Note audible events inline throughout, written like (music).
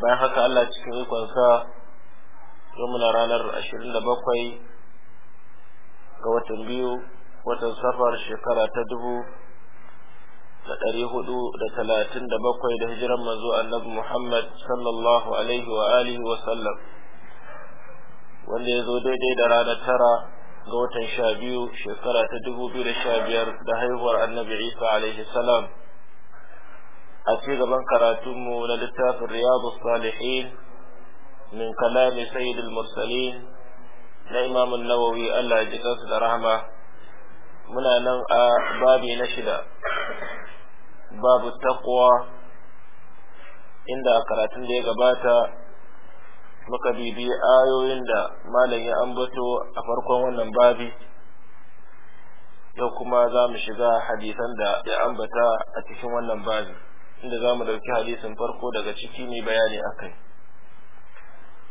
bayan haka Allah cikin ikonsa yau muna ranar ashirin da bakwai ga watan biyu watan safar shekara ta dubu da ɗari hudu da talatin da bakwai da hijiran manzo annabi Muhammad sallallahu alaihi wa alihi wa sallam wanda ya zo daidai da ranar tara ga watan sha biyu shekara ta dubu biyu da sha biyar da haihuwar annabi Isa alaihi salam a ci gaban karatunmu na littafin riyadu salihin min kalami sayyidul mursalin na imamun nawawi Allah ji kansu da rahama muna nan a babi na shida babu taqwa inda a karatun da ya gabata muka bibi ayoyin da malam ya ambato a farkon wannan babi yau kuma za mu shiga hadisan da ya ambata a cikin wannan babi inda za mu ɗauki hadisin farko daga ciki ne bayani a kai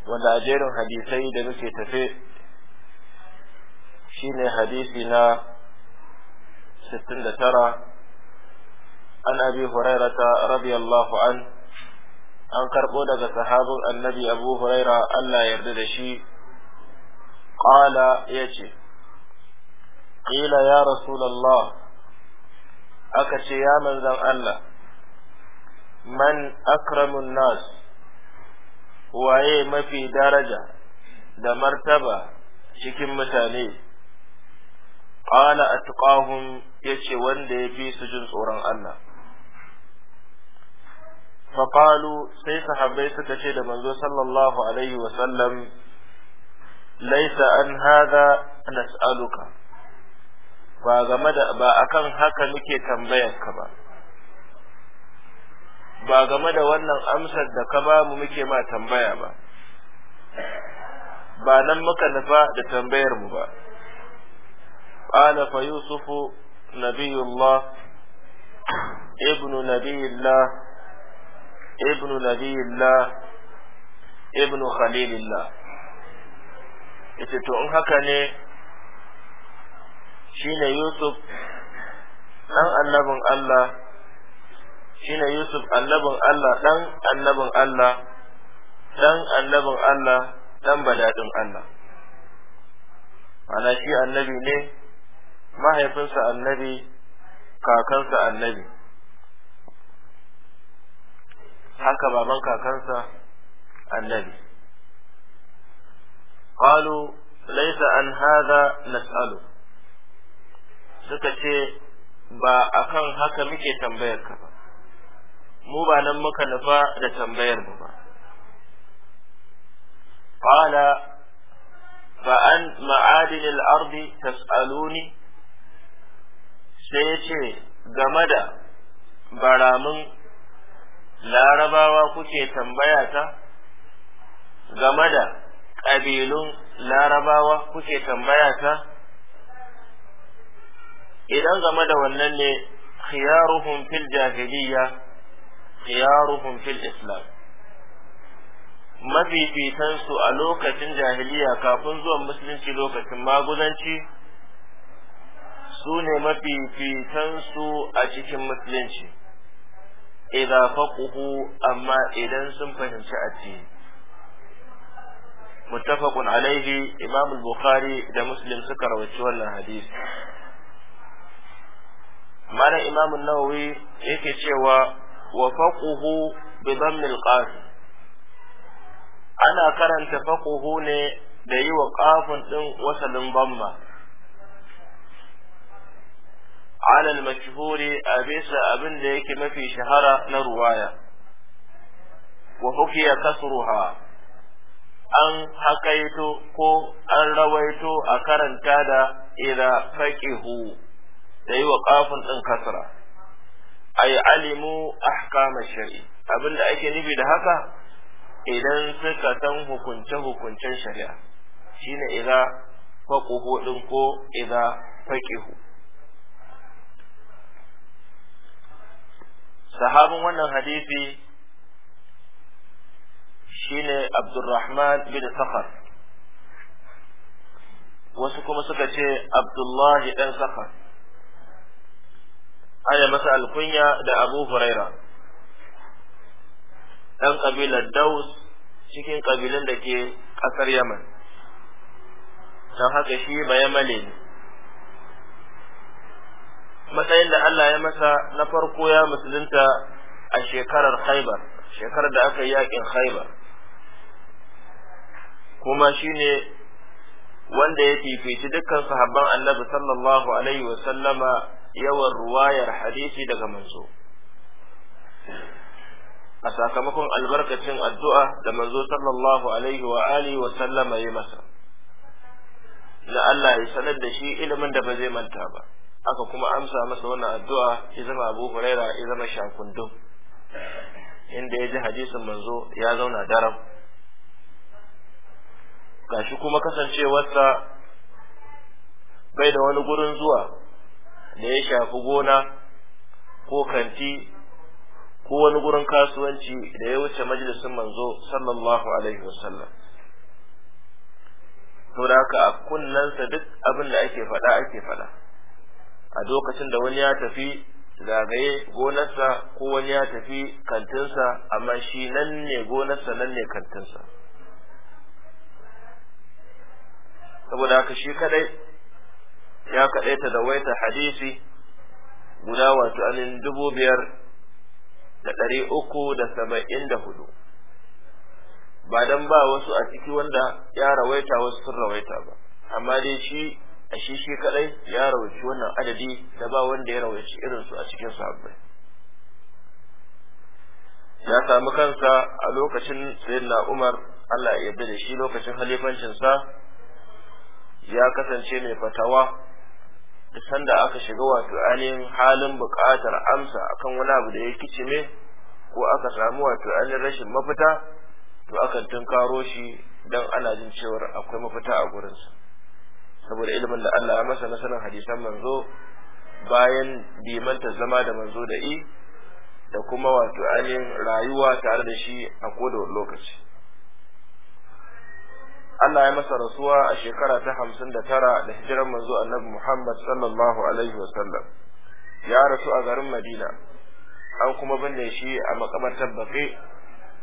wanda a jerin hadisai da muke tafe shine hadisi na 69 an abi hurairata radiyallahu an an karɓo daga sahabin annabi abu huraira allah yarda da shi ƙala ya ce ƙila ya rasulallah aka ce ya manzan allah man akramun nas waye mafi daraja da martaba cikin mutane qala atqahum yace wanda ya fi su jin tsoron Allah faqalu sai sahabbai suka ce da manzo sallallahu alaihi wa sallam laisa an hadha nas'aluka ba game da ba akan haka muke tambayar ka ba ba game da wannan amsar da ka ba mu muke ma tambaya ba ba nan muka nufa da tambayar mu ba qala fa yusufu nabiyullah ibnu nabiyillah ibnu nabiyillah ibnu khalilillah ita to in haka ne shine yusuf dan annabin Allah shine Yusuf annabin Allah dan annabin Allah dan annabin Allah dan badadin Allah ana shi annabi ne mahaifinsa annabi kakansa annabi haka baban kakansa annabi qalu laysa an hadha nas'alu suka ce ba akan haka muke tambayar ka ba mu ba nan muka nufa da tambayar mu ba qala fa an ma'adin al tas'aluni sai ce game da baramin larabawa kuke tambaya ta game da ƙabilun larabawa kuke tambaya ta idan game da wannan ne khiyaruhum fil jahiliyya khiyaruhum fil islam mabibitan su a lokacin jahiliya kafin zuwan musulunci lokacin maguzanci su ne mafifitan su a cikin musulunci idan faquhu amma idan sun fahimci addini muttafaqun alaihi Imamul bukhari da muslim suka rawaci wannan hadisi malam imam an-nawawi yake cewa wa faquhu bi dhammil qaf ana karanta faƙuhu ne da yi wa qafun din wasalin bamma ala al-mashhuri abisa abin da yake mafi shahara na ruwaya wa hukiya kasruha an hakaito ko an rawaito a karanta da idza faƙihu da yi wa qafun din kasra ay alimu ahkama shar'i abinda ake nufi da haka idan suka san hukunce hukuncen shari'a shine idza faqahu din ko idza faqihu sahabin wannan hadisi shine Abdurrahman bin Sakhar wasu kuma suka ce Abdullahi dan Sakhar ana masa alkunya da abu huraira ɗan ƙabilar daus cikin ƙabilun da ke ƙasar yaman don haka shi ba ne matsayin da allah ya masa na farko ya musulunta a shekarar haibar shekarar da aka yi yakin haibar kuma shine wanda ya fifici dukkan sahabban annabi sallallahu alaihi wasallama yawan ruwayar hadisi daga manzo a sakamakon albarkacin addu'a da manzo sallallahu alaihi wa alihi wa sallama ya masa na Allah ya sanar da shi ilimin da ba zai manta ba aka kuma amsa masa wannan addu'a ya zama Abu Huraira ya zama shakundum inda ya ji hadisin manzo ya zauna daram gashi kuma kasancewarsa bai da wani gurin zuwa da ya shafi gona ko kanti ko wani gurin kasuwanci da ya wuce majalisin manzo sallallahu alaihi wasallam to da haka a kunnansa duk abin da ake faɗa ake faɗa a lokacin da wani ya tafi zagaye gonarsa ko wani ya tafi kantinsa amma shi nan ne gonarsa nan ne kantinsa saboda haka shi kadai ya kaɗai ta waita hadisi guda wato anin dubu biyar da ɗari uku da saba'in da hudu ba don ba wasu a ciki wanda ya rawaita wasu sun rawaita ba amma dai shi a shi shi kaɗai ya rawaici wannan adadi da ba wanda ya rawaici irinsu a cikin sahabbai ya sami kansa a lokacin sayyidina umar allah ya yarda da shi lokacin halifancinsa ya kasance mai fatawa da sanda aka shiga wato ainihin halin buƙatar amsa akan wani abu da ya kicime ko aka samu wato ainihin rashin mafita to akan tunkaro shi don ana jin cewar akwai mafita a gurinsa saboda ilimin da Allah ya masa na sanin hadisan manzo bayan limanta zama da manzo da i da kuma wato ainihin rayuwa tare da shi a koda lokaci Allah ya masa rasuwa a shekara ta hamsin da tara da hijirar manzo annabi Muhammad sallallahu alaihi wasallam ya rasu a garin Madina an kuma binne shi a makabartar baƙi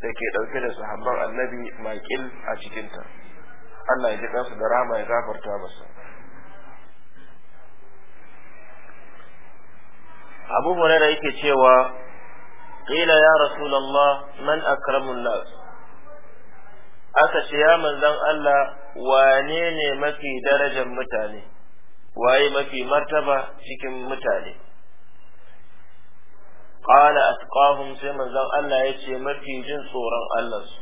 da ke ɗauke da sahabban annabi maƙil a cikinta Allah ya ji kansu da rama ya gafarta masa Abu Hurairah yake cewa qila ya Rasulullah man akramun nas aka ce ya manzan Allah wane ne mafi darajar mutane waye mafi martaba cikin mutane qala atqahum sai manzan Allah ya ce mafi jin tsoron Allah su,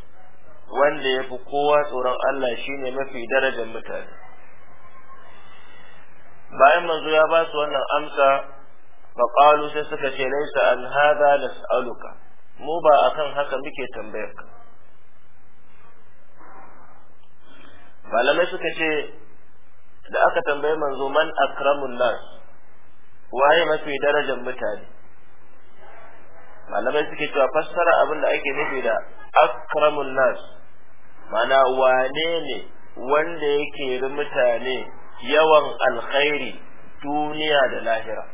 wanda ya fi kowa tsoron Allah shine mafi darajar mutane bayan manzo ya ba su wannan amsa fa sai suka ce laysa an hadha nas'aluka mu ba akan haka muke tambayarka malamai suka ce da aka tambaye manzo man akramun nas waye mafi darajar mutane malamai suke cewa fassara abin da ake nufi da akramun nas mana wane ne wanda yake yi mutane yawan alkhairi duniya da lahira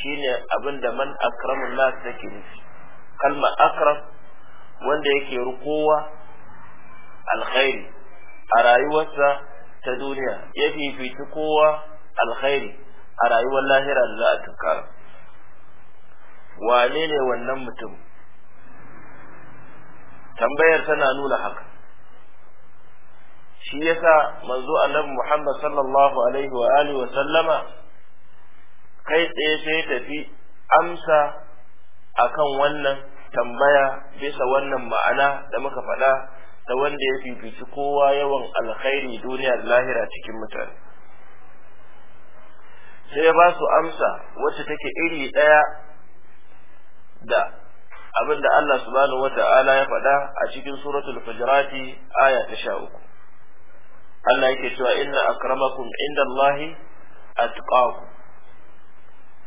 shine abin da man akramun nas take nufi kalma akram wanda yake ri kowa alkhairi a rayuwarsa ta duniya ya fifici kowa alkhairi a rayuwar lahira da za a tunkara wane ne wannan mutum tambayar tana nuna haka shi yasa manzo annabi Muhammad sallallahu alaihi wa alihi wa sallama kai tsaye sai tafi amsa akan wannan tambaya bisa wannan ma'ana da muka faɗa da wanda ya fifici kowa yawan alkhairi duniya da lahira cikin mutane sai ya ba su amsa wacce take iri ɗaya da abin da Allah subhanahu wata'ala ya faɗa a cikin suratul fajrati aya ta sha uku Allah yake cewa inna akramakum inda Allahi atqakum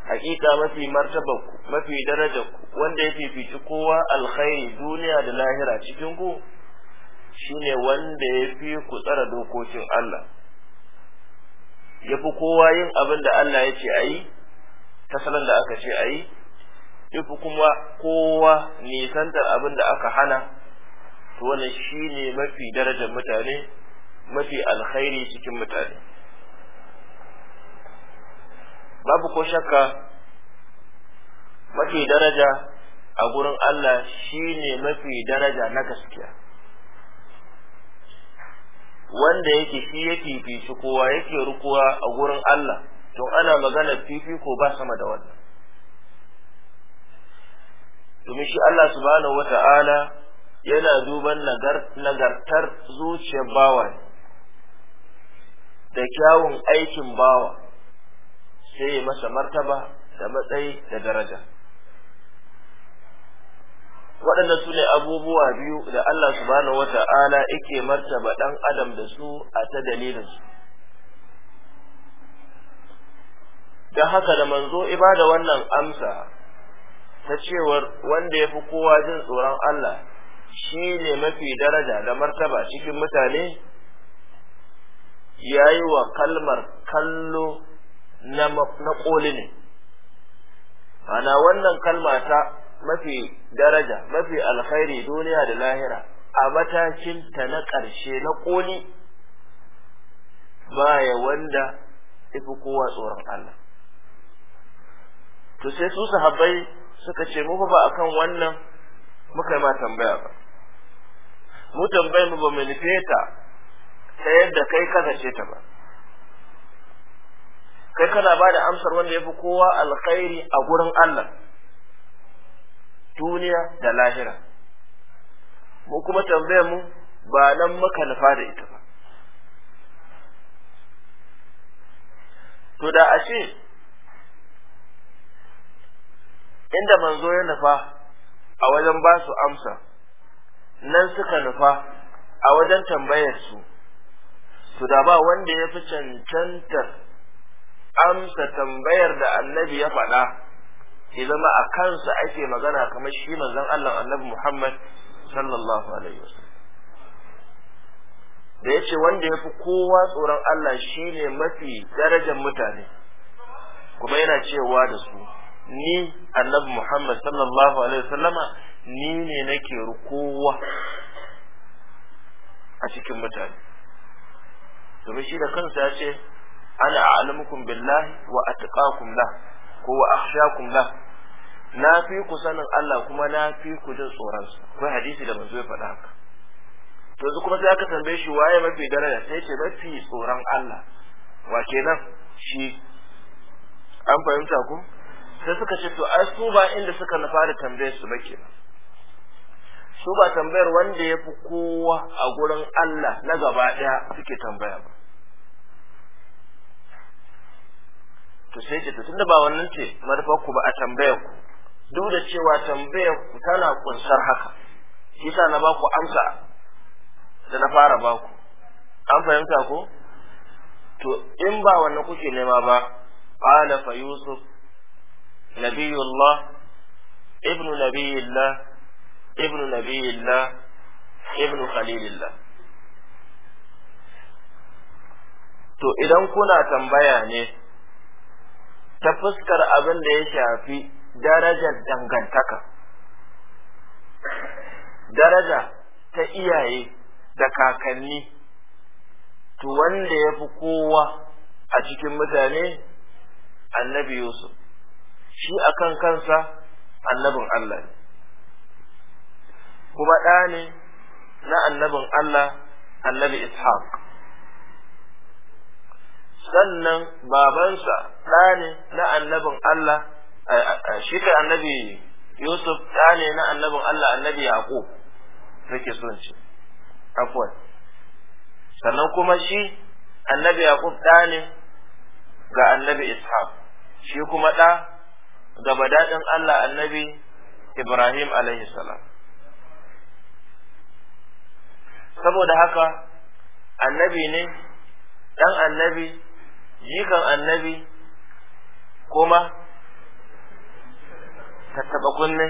hakika mafi martabarku mafi darajarku wanda ya fifici kowa alkhairi duniya da lahira cikin ku shine wanda ya fi ku tsara dokokin Allah ya fi kowa yin abin da Allah ya ce a yi ta salon da aka ce a yi ya fi kuma kowa nisantar abin da aka hana to wannan shine mafi darajar mutane mafi alkhairi cikin mutane babu ko shakka mafi daraja a gurin Allah shine mafi daraja na gaskiya wanda yake shi ya fifi kowa yake rukuwa a gurin Allah to ana magana ko ba sama da wannan domin shi Allah subhanahu wata'ala yana duban nagartar zuciyar bawa da kyawun aikin bawa sai masa martaba da matsayi da daraja waɗannan su ne abubuwa biyu da Allah subhanahu wata'ala yake martaba ɗan adam da su a ta dalilin su da haka da manzo ibada wannan amsa ta cewar wanda ya fi kowa jin tsoron Allah shi ne mafi daraja da martaba cikin mutane ya yi wa kalmar kallo na koli ne ana wannan kalma ta mafi daraja mafi alkhairi duniya da lahira a matakin ta na ƙarshe na ƙoli baya wanda ifi kowa tsoron Allah to sai su sahabbai suka ce mu ba akan wannan muka ma tambaya ba mu tambayar mu ba mu nufe ta yadda kai ce ta ba kai kana ba da amsar wanda ya fi kowa alkhairi a gurin Allah duniya da lahira mu kuma tambayar mu ba nan muka nufa da ita ba to da ashe inda manzo ya nufa a wajen ba su amsa nan suka nufa a wajen tambayar su to da ba wanda ya fi cancantar amsa tambayar da annabi ya faɗa ya zama a kansa ake magana kamar shi manzon Allah annabi Muhammad sallallahu alaihi wasallam da yace wanda yafi kowa tsoron Allah shine mafi darajar mutane kuma yana cewa da su ni annabi Muhammad sallallahu alaihi wasallama ni ne nake rukowa a cikin mutane domin shi da kansa ya ce ana a'lamukum billahi wa atqakum lah ko wa akhshakum lah na fi ku sanin Allah kuma na fi ku jin tsoronsa akwai hadisi da manzo ya faɗa haka to yanzu kuma sai aka tambaye shi waye mafi daraja sai ce mafi tsoron Allah wa kenan shi an fahimta ku sai suka ce to a su ba inda suka na fara tambayar su ba kenan su ba tambayar wanda ya fi kowa a gurin Allah na gaba ɗaya suke tambaya ba to sai ce to tunda ba wannan ce manufar ku ba a tambayar ku duk da cewa tambayar ku tana kunsar haka kisa na ba ku amsa da na fara ba ku an fahimta ko to in ba wannan kuke nema ba qala fa yusuf nabiyullah ibnu nabiyillah ibnu nabiyillah ibnu khalilillah to idan kuna tambaya ne ta fuskar abin da ya shafi darajar dangantaka daraja ta iyaye da kakanni to wanda ya fi kowa a cikin mutane annabi yusuf shi akan kansa annabin allah ne kuma ɗa ne na annabin allah annabi ishaq sannan babansa ɗa ne na annabin allah shi kai annabi yusuf ɗa ne na annabin allah annabi yaƙo nake son ce afuwan sannan kuma shi annabi yaƙo ɗa ne ga annabi ishaq shi kuma ɗa ga badaɗin allah annabi ibrahim alaihi salam saboda haka annabi ne ɗan annabi jikan annabi kuma tattaba kunne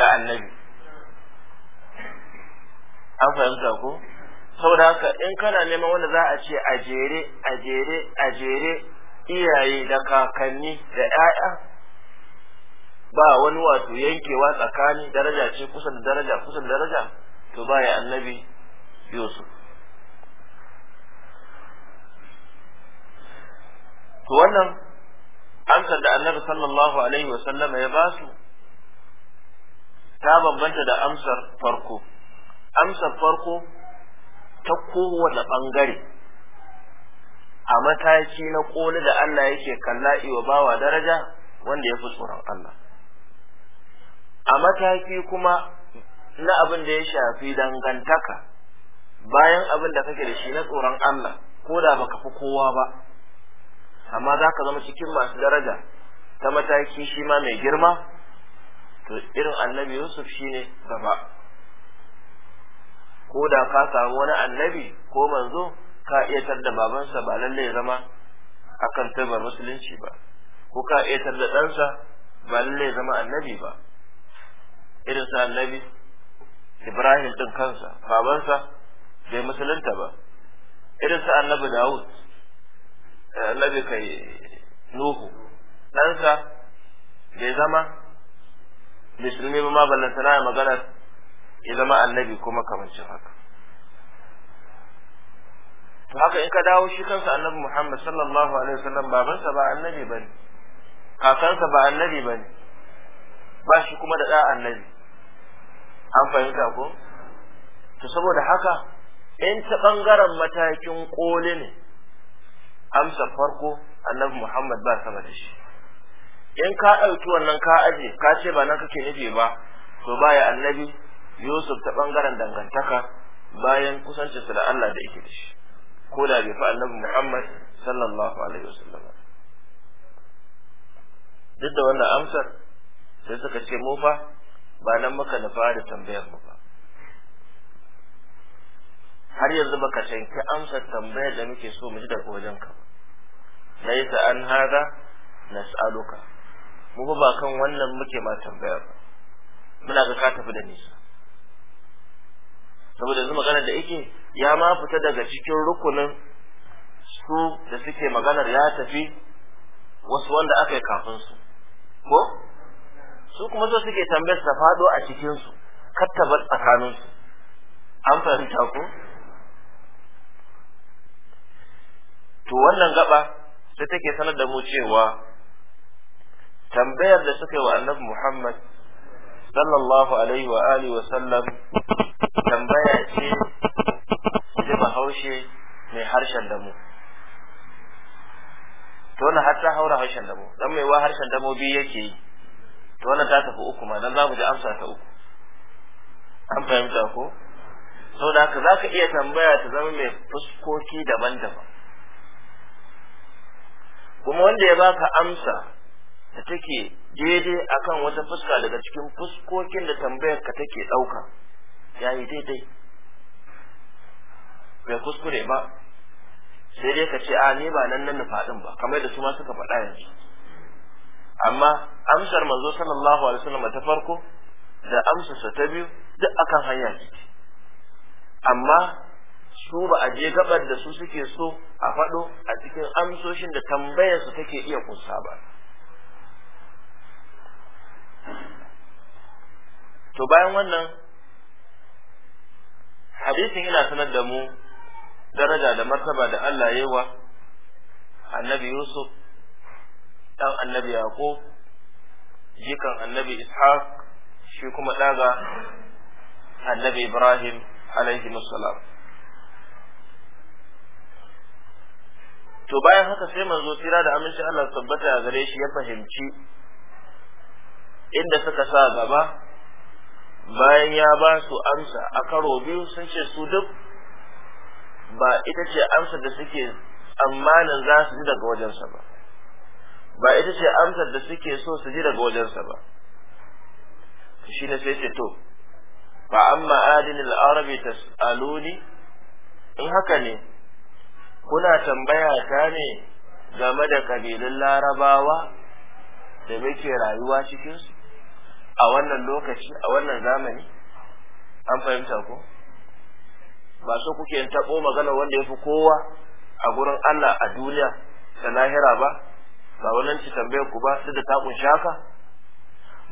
ga annabi an fahimta ko saboda haka in kana neman wanda za a ce a jere a jere a jere iyaye da kakanni da 'ya'ya ba wani wato yankewa tsakani daraja ce kusan daraja kusan daraja to baya annabi yusuf to wannan amsar da annabi sallallahu alaihi wa sallama ya basu ta bambanta da amsar farko amsar farko ta kowane bangare. a mataki na ƙoli da Allah yake kalla iwa bawa daraja wanda ya fi tsoron Allah a mataki kuma na abin da ya shafi dangantaka bayan abin da kake da shi na tsoron Allah ko da baka fi kowa ba amma za ka zama cikin masu daraja ta mataki shi ma mai girma to irin annabi yusuf shine gaba ko da ka samu wani annabi ko manzo ka iya da babansa ba lallai ya zama akan tabar musulunci ba ko ka iya 'dan ɗansa ba lallai ya zama annabi ba irin sa annabi ibrahim din kansa babansa bai musulunta ba irin sa annabi dawud eh, annabi kai nuhu ɗansa bai zama musulmi ba ma ballanta na magana ya zama annabi kuma cin haka to haka in ka dawo shi kansa annabi Muhammad sallallahu alaihi wasallam babansa ba annabi bane kakansa ba annabi bane ba shi kuma da da annabi an fahimta ko to saboda haka in ta bangaren matakin koli ne amsa farko annabi Muhammad ba sama da shi in ka ɗauki wannan ka aje ka ce ba nan kake nufi ba to baya annabi yusuf ta ɓangaren dangantaka bayan kusancinsa da allah da yake da shi ko da bai fi annabi muhammad sallallahu alaihi wasallam duk da wannan amsar sai suka ce mu fa ba nan muka nufa da tambayar mu ba har yanzu baka shanki amsar tambayar da muke so mu ji daga ka. laisa an hada nas'aluka mu ba kan wannan muke ma tambaya ba muna ga ka tafi da nisa saboda yanzu magana da yake ya ma fita daga cikin rukunin su da suke maganar ya tafi wasu wanda aka yi kafin su ko su kuma so suke tambayar ta fado a cikin su kattaba tsakanin su an fahimta ko to wannan gaba sai take sanar da mu cewa tambayar da suka yi wa annabi Muhammad sallallahu alaihi wa alihi wa sallam tambaya ce da bahaushe mai harshen damu to wannan har ta haura harshen damu dan mai wa harshen damu biyu yake yi to wannan ta tafi uku ma dan za mu ji amsa ta uku an fahimta ko saboda haka za ka iya tambaya ta zama mai fuskoki daban-daban kuma wanda ya baka amsa da take daidai akan wata fuska daga cikin fuskokin da tambayar ka take ɗauka ya yi daidai bai kuskure ba sai dai ka ce a ni ba nan nan faɗin ba kamar da su ma suka faɗa yanzu amma amsar manzo sallallahu alaihi wasallam ta farko da amsarsa ta biyu duk akan hanya ce amma su ba a je gabar da su suke so a faɗo a cikin amsoshin da tambayarsu take iya kusa ba to bayan wannan hadisin yana sanar da mu daraja da martaba da Allah ya yi wa annabi Yusuf dan annabi Yaqub jikan annabi Ishaq shi kuma daga annabi Ibrahim alaihi salam to bayan haka sai manzo tira da amincin Allah tabbata a gare shi ya fahimci inda suka sa gaba bayan ya ba su amsa a karo biyu sun ce su duk ba ita ce amsar da suke tsammanin za su ji daga wajensa ba ba ita ce amsar da suke so su ji daga wajensa ba shi ne sai ce to ba amma adin al'arabi ta aluni in haka ne kuna tambaya ta ne game da kabilun larabawa da muke rayuwa cikinsu a wannan lokaci a wannan zamani an fahimta ko ba so kuke yin tabo magana wanda ya fi kowa a gurin Allah a duniya da lahira ba ba wannan ci tambayar ku ba su da takun shaka?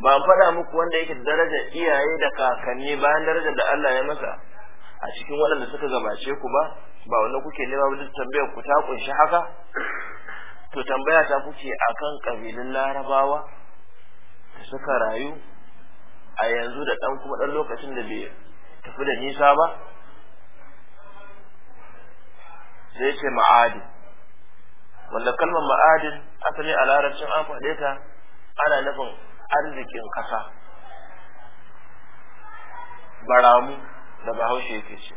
ba an faɗa muku wanda yake da darajar iyaye da kakanni bayan darajar da Allah ya masa a cikin waɗanda suka gabace ku ba ba wannan kuke nema ba duk tambayar ku ta kunshi haka to tambaya ta kuke akan kabilun larabawa da suka rayu a yanzu da ɗan kuma ɗan lokacin da bai tafi da nisa ba sai ce ma'adin wanda kalmar ma'adin asali a larabcin an faɗe ta ana nufin arzikin ƙasa baramu da bahaushe yake ce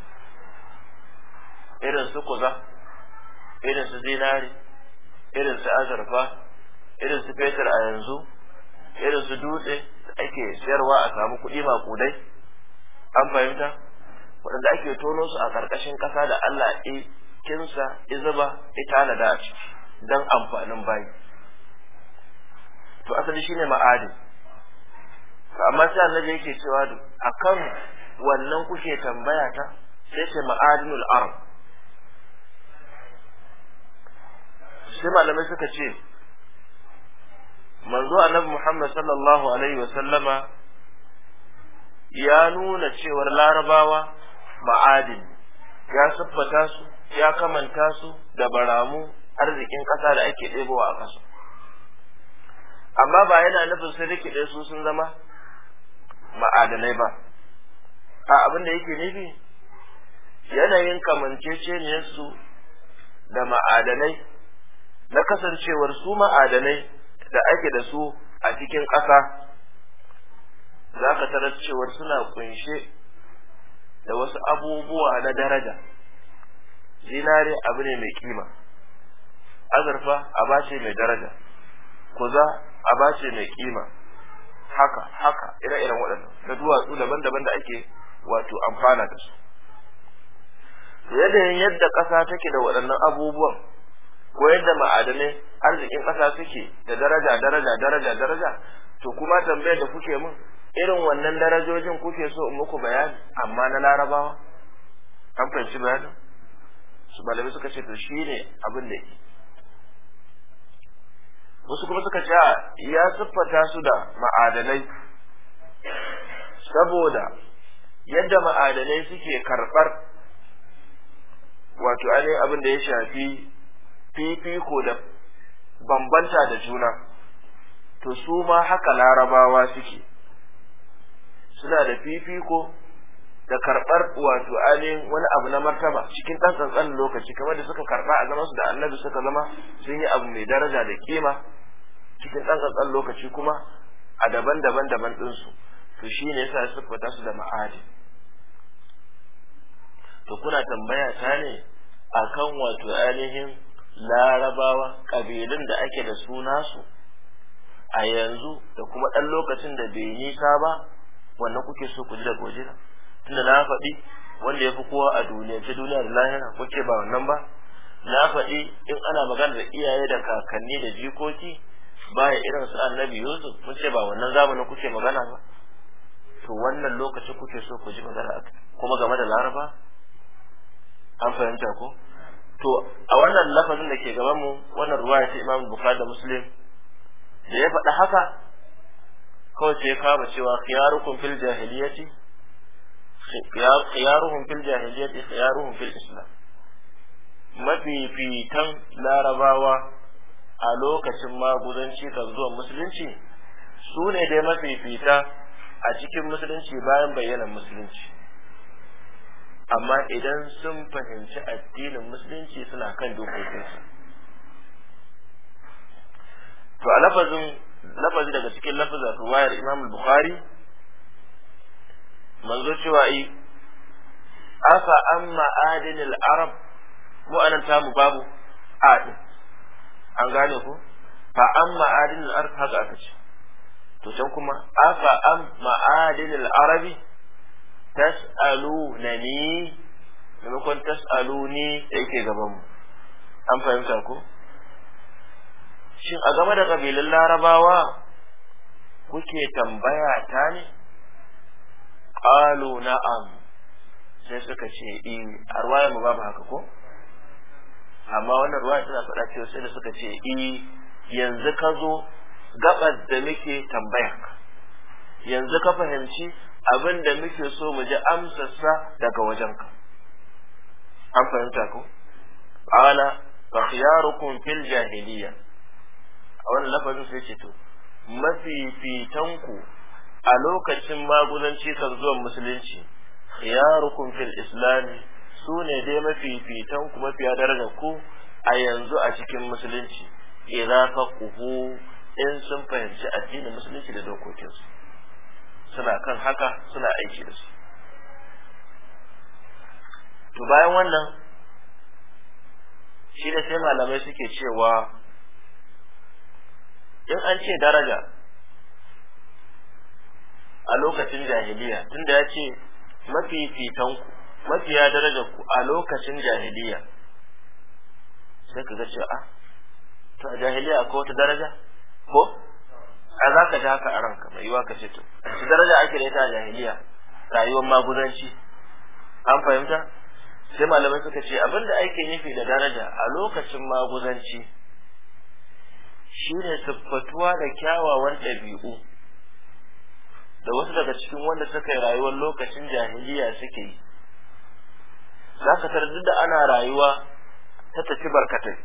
irin su kuza irin su zinari irin su azurfa irin su fetur a yanzu irin su dutse ake sayarwa a samu kuɗi kudai an fahimta waɗanda ake tono su a ƙarƙashin ƙasa da Allah ya kinsa izuba zuba ya tanada a don amfanin bayi to asali shine ma'adin amma sai annabi yake cewa akan wannan kuke tambaya ta sai ce ma'adinul arab sai malamai suka ce manzo annabi Muhammad sallallahu alaihi wa sallama ya nuna cewar larabawa ma'adin ya siffata su ya kamanta su da baramu arzikin ƙasa da ake ɗebowa a ƙasa amma ba yana nufin sai rikide su sun zama ma'adanai ba a abin da yake nufi yanayin kamanceceniyarsu da ma'adanai na kasancewar su ma'adanai da ake da su a cikin ƙasa za ka tarar cewar suna kunshe da wasu abubuwa na daraja zinare abu ne mai kima azurfa bace mai daraja kuza bace mai kima haka haka ire-iren waɗannan da duwatsu daban-daban da ake wato amfana da su yadda yadda ƙasa take da waɗannan abubuwan ko yadda ma'adanai arzikin ƙasa suke da daraja daraja daraja daraja to kuma tambayar da kuke mun irin wannan darajojin kuke so in muku bayani amma na larabawa an fahimci bayanin su malami suka ce to shi ne abin da wasu kuma suka ce ya siffata su da ma'adanai saboda yadda ma'adanai suke karɓar wato ainihin abin da ya shafi fifiko da bambanta da juna to su ma haka larabawa suke suna da fifiko da karɓar wato ainihin wani abu na martaba cikin ɗan tsantsan lokaci kamar da suka karɓa a su da annabi suka zama sun yi abu mai daraja da kima cikin ɗan tsantsan lokaci kuma a daban-daban daban ɗinsu to shi ne yasa siffata su da ma'adi to kuna tambaya ta ne akan wato ainihin larabawa ƙabilun da ake da suna su a yanzu da kuma ɗan lokacin da bai nisa ba wannan kuke so ku ji daga wajena tunda na faɗi wanda ya fi kowa a duniya ta duniya da lahira kuke ba wannan ba na faɗi in ana magana da iyaye da kakanni da jikoki baya irin su annabi yusuf mun ce ba wannan zamanin kuke magana ba to wannan lokacin kuke so ku ji magana kuma game da laraba an fahimta ko to a wannan lafazin da ke gaban mu wannan ruwaya ta Imam Bukhari da Muslim da ya faɗi haka kawai sai ya kama cewa khiyarukum fil jahiliyyati khiyaruhum fil jahiliyyati khiyaruhum fil islam mafifitan larabawa a lokacin maguzanci ga zuwa musulunci su ne dai mafifita a cikin musulunci bayan bayyanar musulunci amma idan sun fahimci addinin musulunci suna kan dokokinsa, to a lafazin lafazi daga cikin lafazin ruwayar imam bukhari manzo cewa yi afa amma adinil arab mu anan tamu babu adin an gane ku fa amma adinil arab haka aka ce to can kuma afa amma adinil arabi tas'alunani maimakon tas'aluni da gaban mu. an fahimta ko shin a game da kabilan larabawa kuke tambaya ta ne qalu na'am sai suka ce i eh, a mu babu haka ko amma wannan ruwaya tana faɗa cewa sai da suka ce i eh, yanzu ka zo gabar da muke tambaya yanzu ka fahimci abin da muke so mu ji amsarsa daga wajenka an fahimta ko ala fa khiyarukum fil jahiliya a wannan lafazin sai ce to mafifitanku a lokacin magudanci kan zuwan musulunci khiyarukum fil islami su ne dai mafifitanku mafiya darajar ku a yanzu a cikin musulunci idza faquhu in sun fahimci addinin musulunci da dokokinsu suna kan haka suna aiki da su to bayan wannan shi da sai malamai suke cewa in an ce daraja a lokacin jahiliya tunda ya ce mafi mafi mafiya daraja ku a lokacin jahiliya sai ka ga cewa a ah, to a jahiliya ko wata daraja ko a za ka ji haka a ranka mai yiwa ka ce to su daraja ake da ita a jahiliya rayuwar magudanci an fahimta sai malamai suka ce abin da ake nufi da daraja a lokacin Shi shine tabbatuwa da kyawawan ɗabi'u da wasu daga cikin wanda suka yi rayuwar lokacin jahiliya suke yi za ka tarzi da ana rayuwa ta tafi barkatai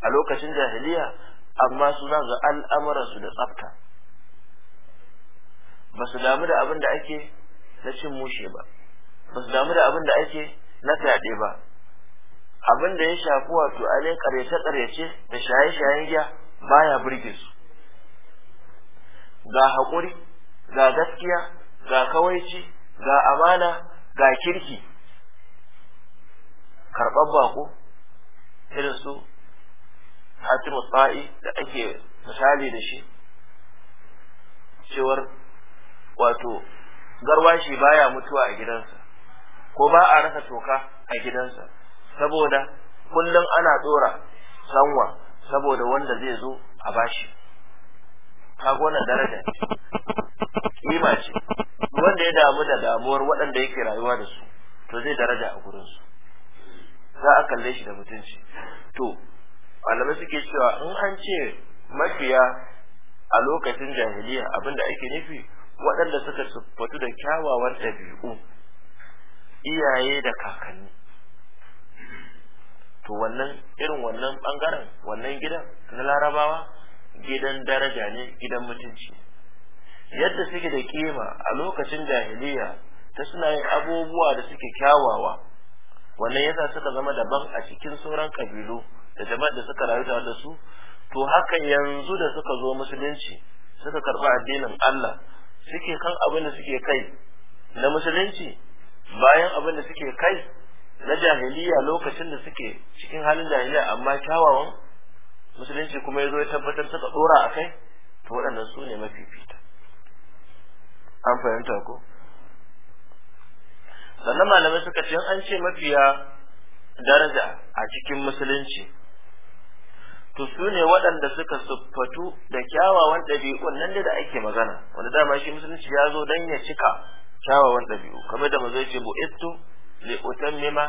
a lokacin jahiliya amma su ga al'amuransu da tsafta ba su damu da abin da ake na cin mushe ba ba su damu da abin da ake na fyaɗe ba abin da ya shafi wato ale ƙaryace-ƙaryace da shaye-shayen giya baya burge su ga haƙuri ga gaskiya ga kawaici ga amana ga kirki karɓar bako irin su hatimu tsa'i da ake misali da shi cewar wato garwashi baya mutuwa a gidansa ko ba a rasa toka a gidansa saboda kullum ana dora sanwa saboda wanda zai zo a bashi kaga daraja kima ce wanda ya damu da damuwar waɗanda yake rayuwa da su to zai daraja a gurinsu za a kalle shi da mutunci to malamai suke cewa in an ce mafiya a lokacin jahiliya abinda ake nufi waɗanda suka siffatu da kyawawan ɗabi'u iyaye da kakanni to wannan irin wannan ɓangaren wannan gidan na larabawa gidan daraja ne gidan mutunci yadda suke da kima a lokacin jahiliya ta suna yin abubuwa da suke kyawawa wannan yasa suka zama daban a cikin sauran kabilu da jama'a da suka rayu tare da su to haka yanzu da suka zo musulunci suka karɓi addinin Allah suke kan abin da suke kai na musulunci bayan abin da suke kai na jahiliya lokacin da suke cikin halin jahiliya amma kyawawan musulunci kuma ya zo ya tabbatar suka dora a kai to waɗannan su ne mafifita an fahimta ko sannan malamai suka ce an ce mafiya daraja a cikin musulunci to su ne waɗanda suka siffatu da kyawawan ɗabi'un nan da ake magana wanda dama shi musulunci ya zo don ya cika kyawawan ɗabi'u kamar da mazo ce bu'istu li utammima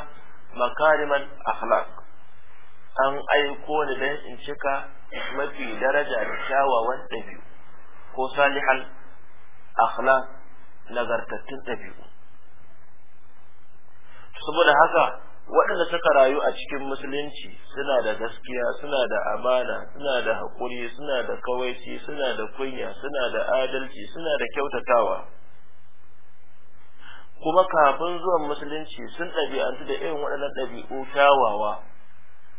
makariman akhlaq an aiko ni dan in cika mafi daraja da kyawawan ɗabi'u ko salihan akhlaq nagartattun ɗabi'u saboda haka waɗanda suka rayu a cikin musulunci suna da gaskiya suna da amana suna da haƙuri suna da kawaici suna da kunya suna da adalci suna da kyautatawa kuma kafin zuwan musulunci sun ɗabi'antu da irin waɗannan ɗabi'u kyawawa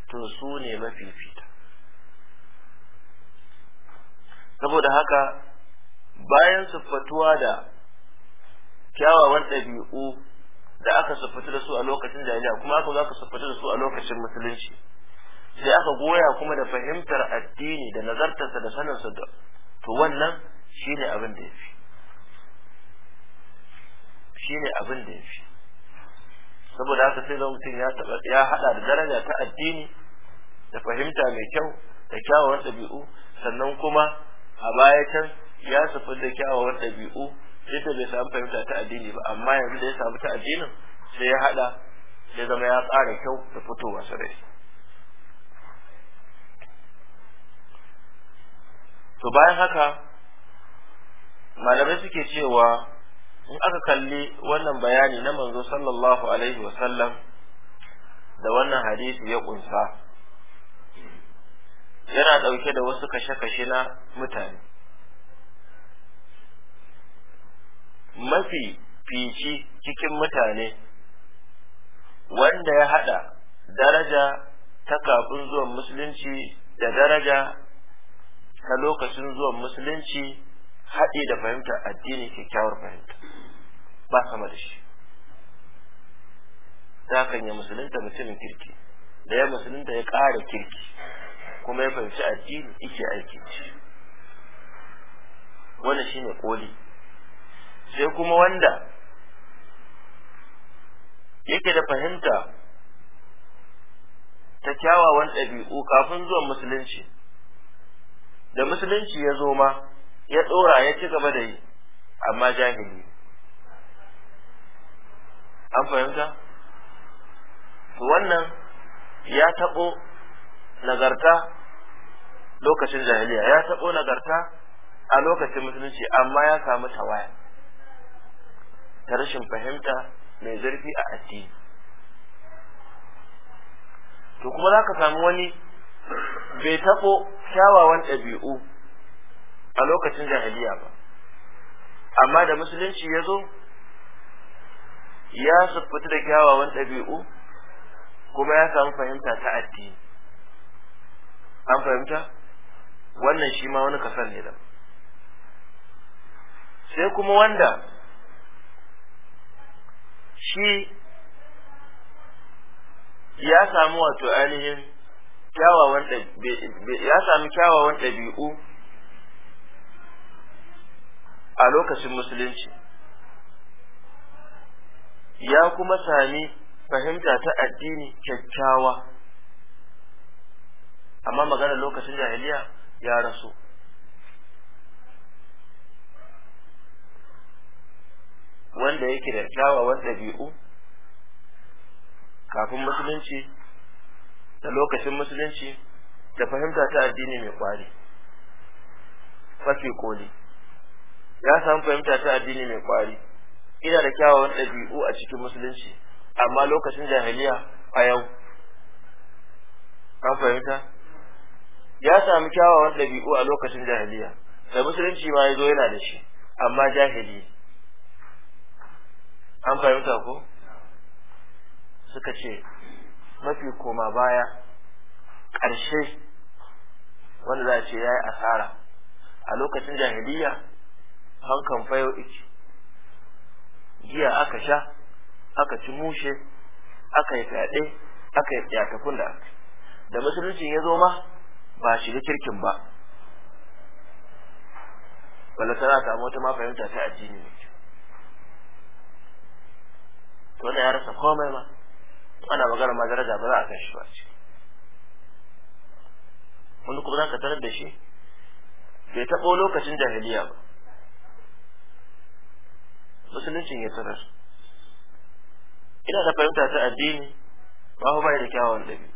to su ne mafifita saboda haka bayan siffatuwa da kyawawan ɗabi'u da aka siffatu da su a lokacin jahiliya kuma aka zo siffatu da su a lokacin musulunci sai aka goya kuma da fahimtar addini da nazartarsa da saninsa da to wannan shine abin da yafi shine abin da yafi saboda haka sai zama mutum ya haɗa da daraja ta addini da fahimta mai kyau da kyawawan ɗabi'u sannan kuma a baya ya sifin da kyawawan ɗabi'u yadda bai samu fahimta ta addini ba amma yanzu da ya samu ta addinin sai ya haɗa, ya zama ya tsara kyau da fitowa rai. to bayan haka malamai suke cewa in aka kalli wannan bayani na manzo sallallahu alaihi wasallam da wannan hadisi ya kunsa yana ɗauke da wasu kashe-kashe na mutane mafi fici cikin mutane wanda ya hada daraja ta kafin zuwan musulunci da daraja ta lokacin zuwan musulunci haɗi da fahimta addini kyakkyawar fahimta ba sama da shi ta kan ya musulunta mutumin kirki da ya musulunta ya ƙara kirki kuma ya fahimci addini ike aikin ci wannan shine koli sai kuma wanda yake da fahimta ta kyawawan ɗabi'u kafin zuwan musulunci da musulunci ya zo ma ya ɗora ya ci gaba da yi amma jahili an fahimta to wannan ya taɓo nagarta lokacin jahiliya ya taɓo nagarta a lokacin musulunci amma ya samu tawaya ta rashin fahimta mai zurfi a addini to kuma za ka samu wani bai taɓa kyawawan ɗabi'u a lokacin jahiliya ba amma da musulunci ya zo ya suffuta da kyawawan ɗabi'u kuma ya samu fahimta ta addini an fahimta wannan shi ma wani kasar ne da sai kuma wanda shi ya samu wato ainihin kyawawan ya sami kyawawan ɗabi'u a lokacin musulunci ya kuma sami fahimta ta addini kyakkyawa amma magana lokacin jahiliya ya rasu wanda yake da kyawawan ɗabi'u kafin musulunci da lokacin musulunci da fahimta ta addini mai kwari fafi koli ya samu fahimta ta addini mai kwari ina da kyawawan ɗabi'u a cikin musulunci amma lokacin jahiliya a yau an fahimta ya sami kyawawan ɗabi'u a lokacin jahiliya da musulunci ma ya zo yana da shi amma jahili an fahimta ko suka ce mafi koma baya ƙarshe wanda za a ce ya yi asara a lokacin jahiliya hankan fayo iki giya aka sha aka ci mushe aka yi fyaɗe aka yi fyatakun da aka da musulunci ya zo ma ba shi da kirkin ba wanda balantana samu wata ma fahimta ta addini ne to da ya rasa komai ma ana magana ma daraja ba za a kai shi ba wani kuma zaka tarar da shi bai taɓo lokacin jahiliya ba musuluncin ya tarar ina da fahimta ta addini ba ku bai da kyawun dabi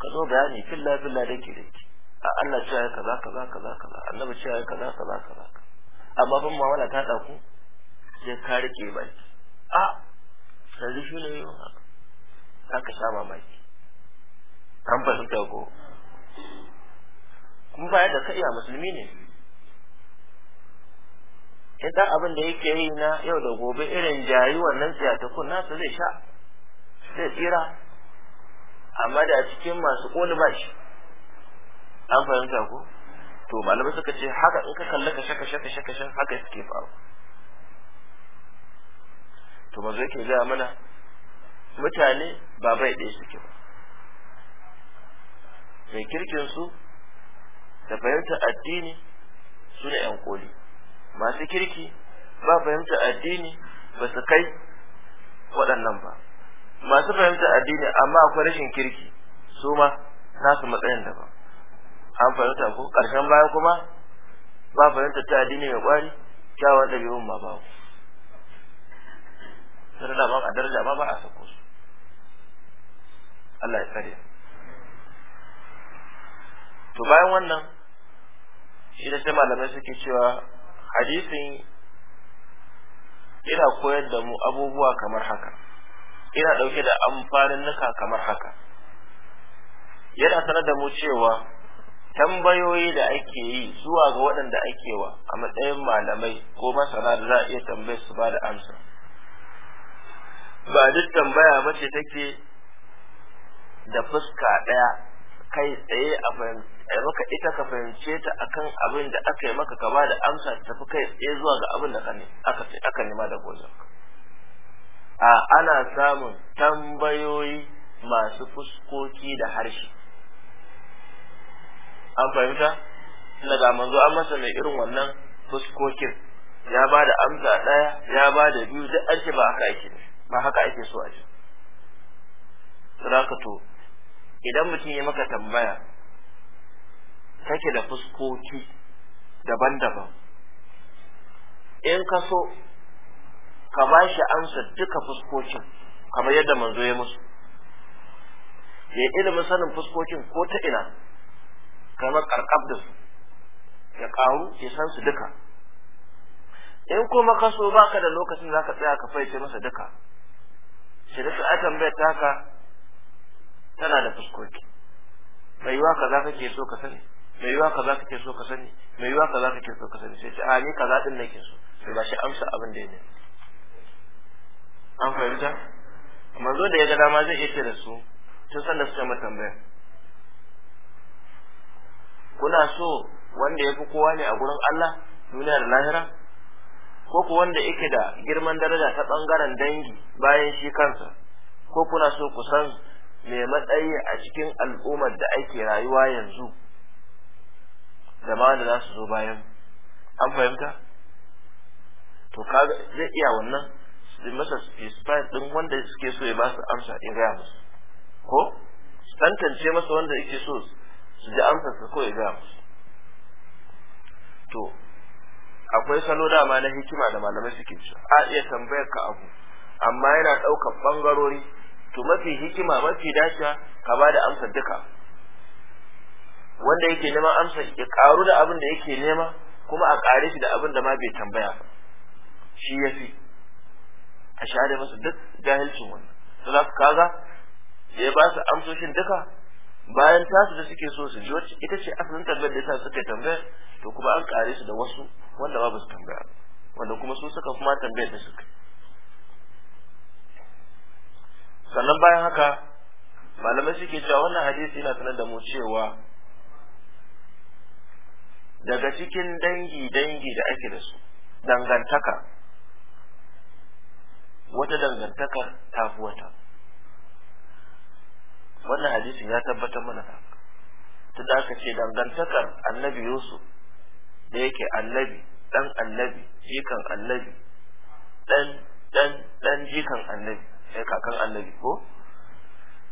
ka zo bayani filla filla da ke a Allah cewa kaza kaza kaza kaza annabi cewa kaza kaza kaza amma ban ma wala ta ku. sai ka rike baki a sai shi ne yin haka za ka sha mamaki an fahimta ko kuma ba da ka iya musulmi ne idan abin da yake yi na yau da gobe irin jayi wannan kun nasa zai sha zai tsira amma da cikin masu ƙoli ba shi an fahimta ko to malamai suka ce haka in ka kalli ka shaka shaka shaka haka suke faru to mazo ke gaya mana mutane ba bai ɗaya suke ba mai kirkin su da fahimtar addini su ne yan koli masu kirki ba fahimtar addini ba su kai waɗannan ba masu fahimtar addini amma akwai rashin kirki su ma nasu matsayin da ba an fahimta ko ƙarshen baya kuma ba fahimtar ta addini mai ƙwari kyawun ɗabi'un ma babu da ba a daraja ba ba a sako su Allah ya tsare to bayan wannan shi da sai malamai suke cewa hadisin ina koyar da mu abubuwa kamar haka ina ɗauke da amfanin nuka kamar haka yana sanar da mu cewa tambayoyi da ake yi zuwa ga waɗanda ake wa a matsayin malamai ko masana da za a iya tambayar su ba da amsa ba duk tambaya mace take da fuska ɗaya kai tsaye a fahimta maka ita ka fahimce ta akan abin da aka yi maka kama da amsa ta tafi kai tsaye zuwa ga abin da aka nema da gozon a ana samun tambayoyi masu fuskoki da harshe an fahimta daga manzo an masa mai irin wannan fuskokin ya ba da amsa ɗaya ya ba da biyu duk an ce ba haka ake ne ba haka ake so a ji ka to idan mutum ya maka tambaya kake da fuskoki daban-daban in ka so ka ba shi amsa duka fuskokin kamar yadda manzo ya musu ya ilimin sanin fuskokin ko ta ina kamar karkab da su ya karu ya san su duka in kuma ka so baka da lokacin zaka tsaya ka fahimci masa duka Sai da su a tambayar ta haka tana da fuskoki mai yiwa kaza kake so ka sani mai yiwa kaza kake so ka sani mai yiwa kaza kake so ka sani sai ta a ni kaza din nake so sai ba shi amsa abin da ya ne an fahimta zo da ya ga dama zai iya da su tun san da suka mata tambaya kuna so wanda ya fi kowa ne a gurin Allah duniya da lahira ko ku wanda yake da girman daraja ta bangaren dangi bayan shi kansa ko kuna so ku san me matsayi a cikin al'ummar da ake rayuwa yanzu ma da za su zo bayan an fahimta to kaga zai iya wannan su masa specify din wanda suke so ya ba su amsa in gaya musu ko tantance masa wanda yake so su ji amsa su ko ya gaya musu to akwai salo dama na hikima da malamai suke cewa a iya tambayar ka abu amma yana ɗaukar ɓangarori to mafi hikima mafi dacewa ka ba da amsar duka wanda yake neman amsar ya ƙaru da abin da yake nema kuma a ƙare shi da abin da ma bai tambaya ba shi ya fi a share masa duk jahilcin wannan to za su kaga ya ba su amsoshin duka bayan tasu da suke so su ji wacce ita ce asalin tambayar da ta suka tambayar to kuma an kare su da wasu wanda ba su tambaya wanda kuma su suka kuma tambayar da suka sannan bayan haka malamai suke cewa wannan hadisi yana sanar da mu cewa daga cikin dangi dangi da ake da su dangantaka wata dangantakar fi wata wannan hadisin ya tabbatar mana haka da aka ce dangantakar annabi yusuf da yake annabi dan annabi jikan annabi dan dan dan jikan annabi sai eh, kakan annabi ko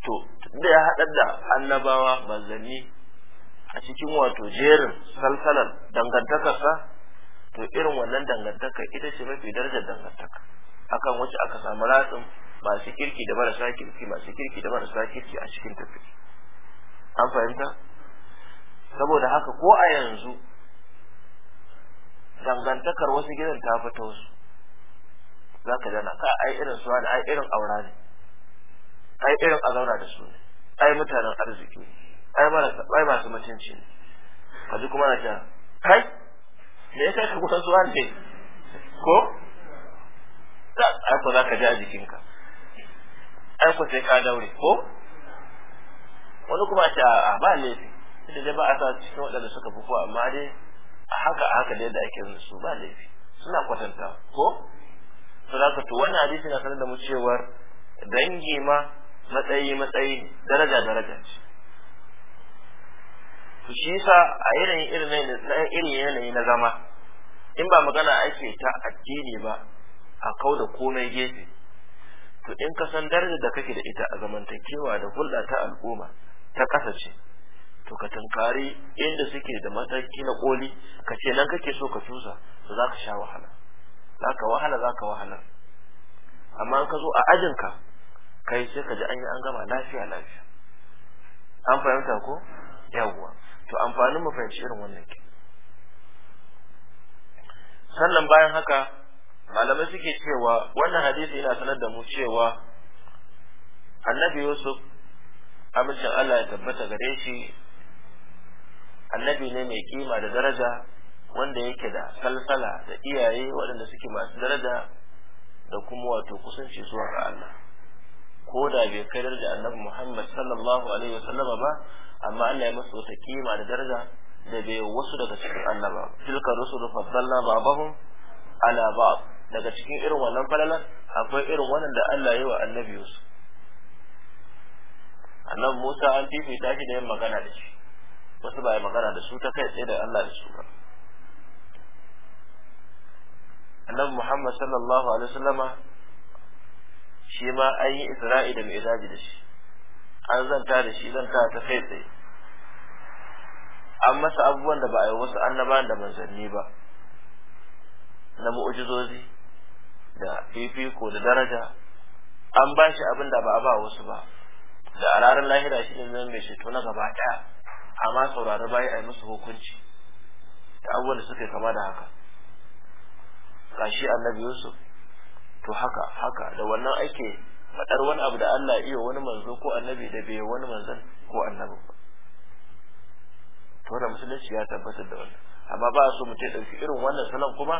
to da ya haɗar da annabawa manzanni a cikin wato jerin salsalar dangantakarsa to irin wannan dangantaka ita ce mafi darajar dangantaka akan wacce aka samu ratsin masu kirki da marasa kirki masu kirki da marasa kirki a cikin tafi an fahimta saboda haka ko a yanzu dangantakar wasu gidan ta fita wasu za ka dana ka ai irin suwa da ai irin aura ne ai irin azaura da su ne ai mutanen arziki ai masu mutunci ne ka ji kuma na ta kai me ya kai ka gusa su ne ko ai ko za ka ji a jikinka ai ko sai ka daure ko wani kuma ta ba ne da dai ba a sa cikin waɗanda suka fi amma dai haka haka da yadda ake su ba laifi suna kwatanta ko su za ka tuwa na na sanar da mu cewar dangi ma matsayi matsayi daraja daraja ce to shi sa a irin irin yanayi na zama in ba magana ake ta addini ba a kau da komai gefe to in ka san darajar da kake da ita a zamantakewa da hulɗa ta al'umma ta ƙasa ce to ka tunkari inda suke da mataki na koli ka ce nan kake so ka tusa to za ka sha wahala za ka wahala za ka wahala amma an ka zo a ajinka kai sai ka ji an yi an gama lafiya lafiya an fahimta ko yawwa to amfanin mu fahimci irin wannan ke sannan bayan haka malamai suke cewa wannan hadisi yana sanar da mu cewa annabi yusuf amincin allah ya tabbata gare shi annabi ne mai kima da daraja wanda yake da salsala da iyaye waɗanda suke masu daraja da kuma wato kusanci zuwa ga Allah ko da bai kai daraja annabi Muhammad sallallahu alaihi wasallama ba amma Allah ya masa wata kima da daraja da bai wasu daga cikin Allah ba tilka rusulu faddalna ba'dahum ala ba'd daga cikin irin wannan falalan akwai irin wannan da Allah ya yi wa annabi Yusuf annabi Musa an fifita shi da yin magana da shi wasu ba magana da su ta kai tsaye da Allah da su ba annabi Muhammad sallallahu alaihi wasallama shi ma an yi isra'i da mi'raji da shi an zanta da shi zanta ta kai tsaye an masa abubuwan da ba a yi wasu annabawan da manzanni ba na mu'ujizozi da fifiko da daraja an ba shi abin da ba a ba wasu ba da a ranar lahira shi ne zan mai ceto na gaba ɗaya amma saurari bayi a yi musu hukunci da abubuwan da suka kama da haka kashi annabi yusuf to haka haka da wannan ake faɗar wani abu da allah iya wani manzo ko annabi da bai wani manzon ko annabi ba to da musulunci ya tabbatar da wannan amma ba so mu ce ɗauki irin wannan salon kuma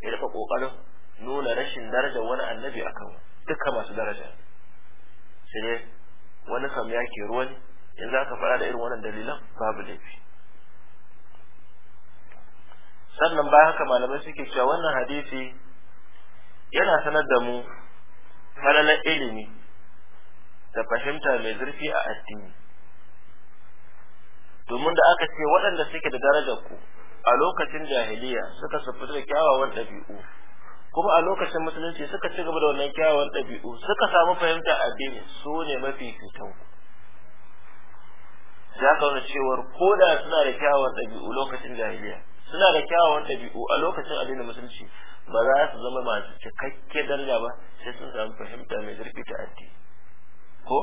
ya dafa ƙoƙarin nuna rashin daraja wani annabi akan duka masu daraja sai wani kam ya ke ruwan in za ka faɗa da irin wannan dalilan babu laifi sannan bayan haka malamai suke cewa wannan hadisi yana sanar da mu falalar ilimi da fahimta mai zurfi a addini domin da aka ce waɗanda suke da darajar ku a lokacin jahiliya suka sufi da kyawawan ɗabi'u kuma a lokacin musulunci suka ci gaba da wannan kyawawan ɗabi'u suka samu fahimta addini su ne mafi fitan za ka wani cewar ko da suna da kyawawan ɗabi'u lokacin jahiliya suna da kyawawan ɗabi'u a lokacin addinin musulunci ba za su zama masu cikakke daraja ba sai sun samu fahimta mai zurfi ta addini ko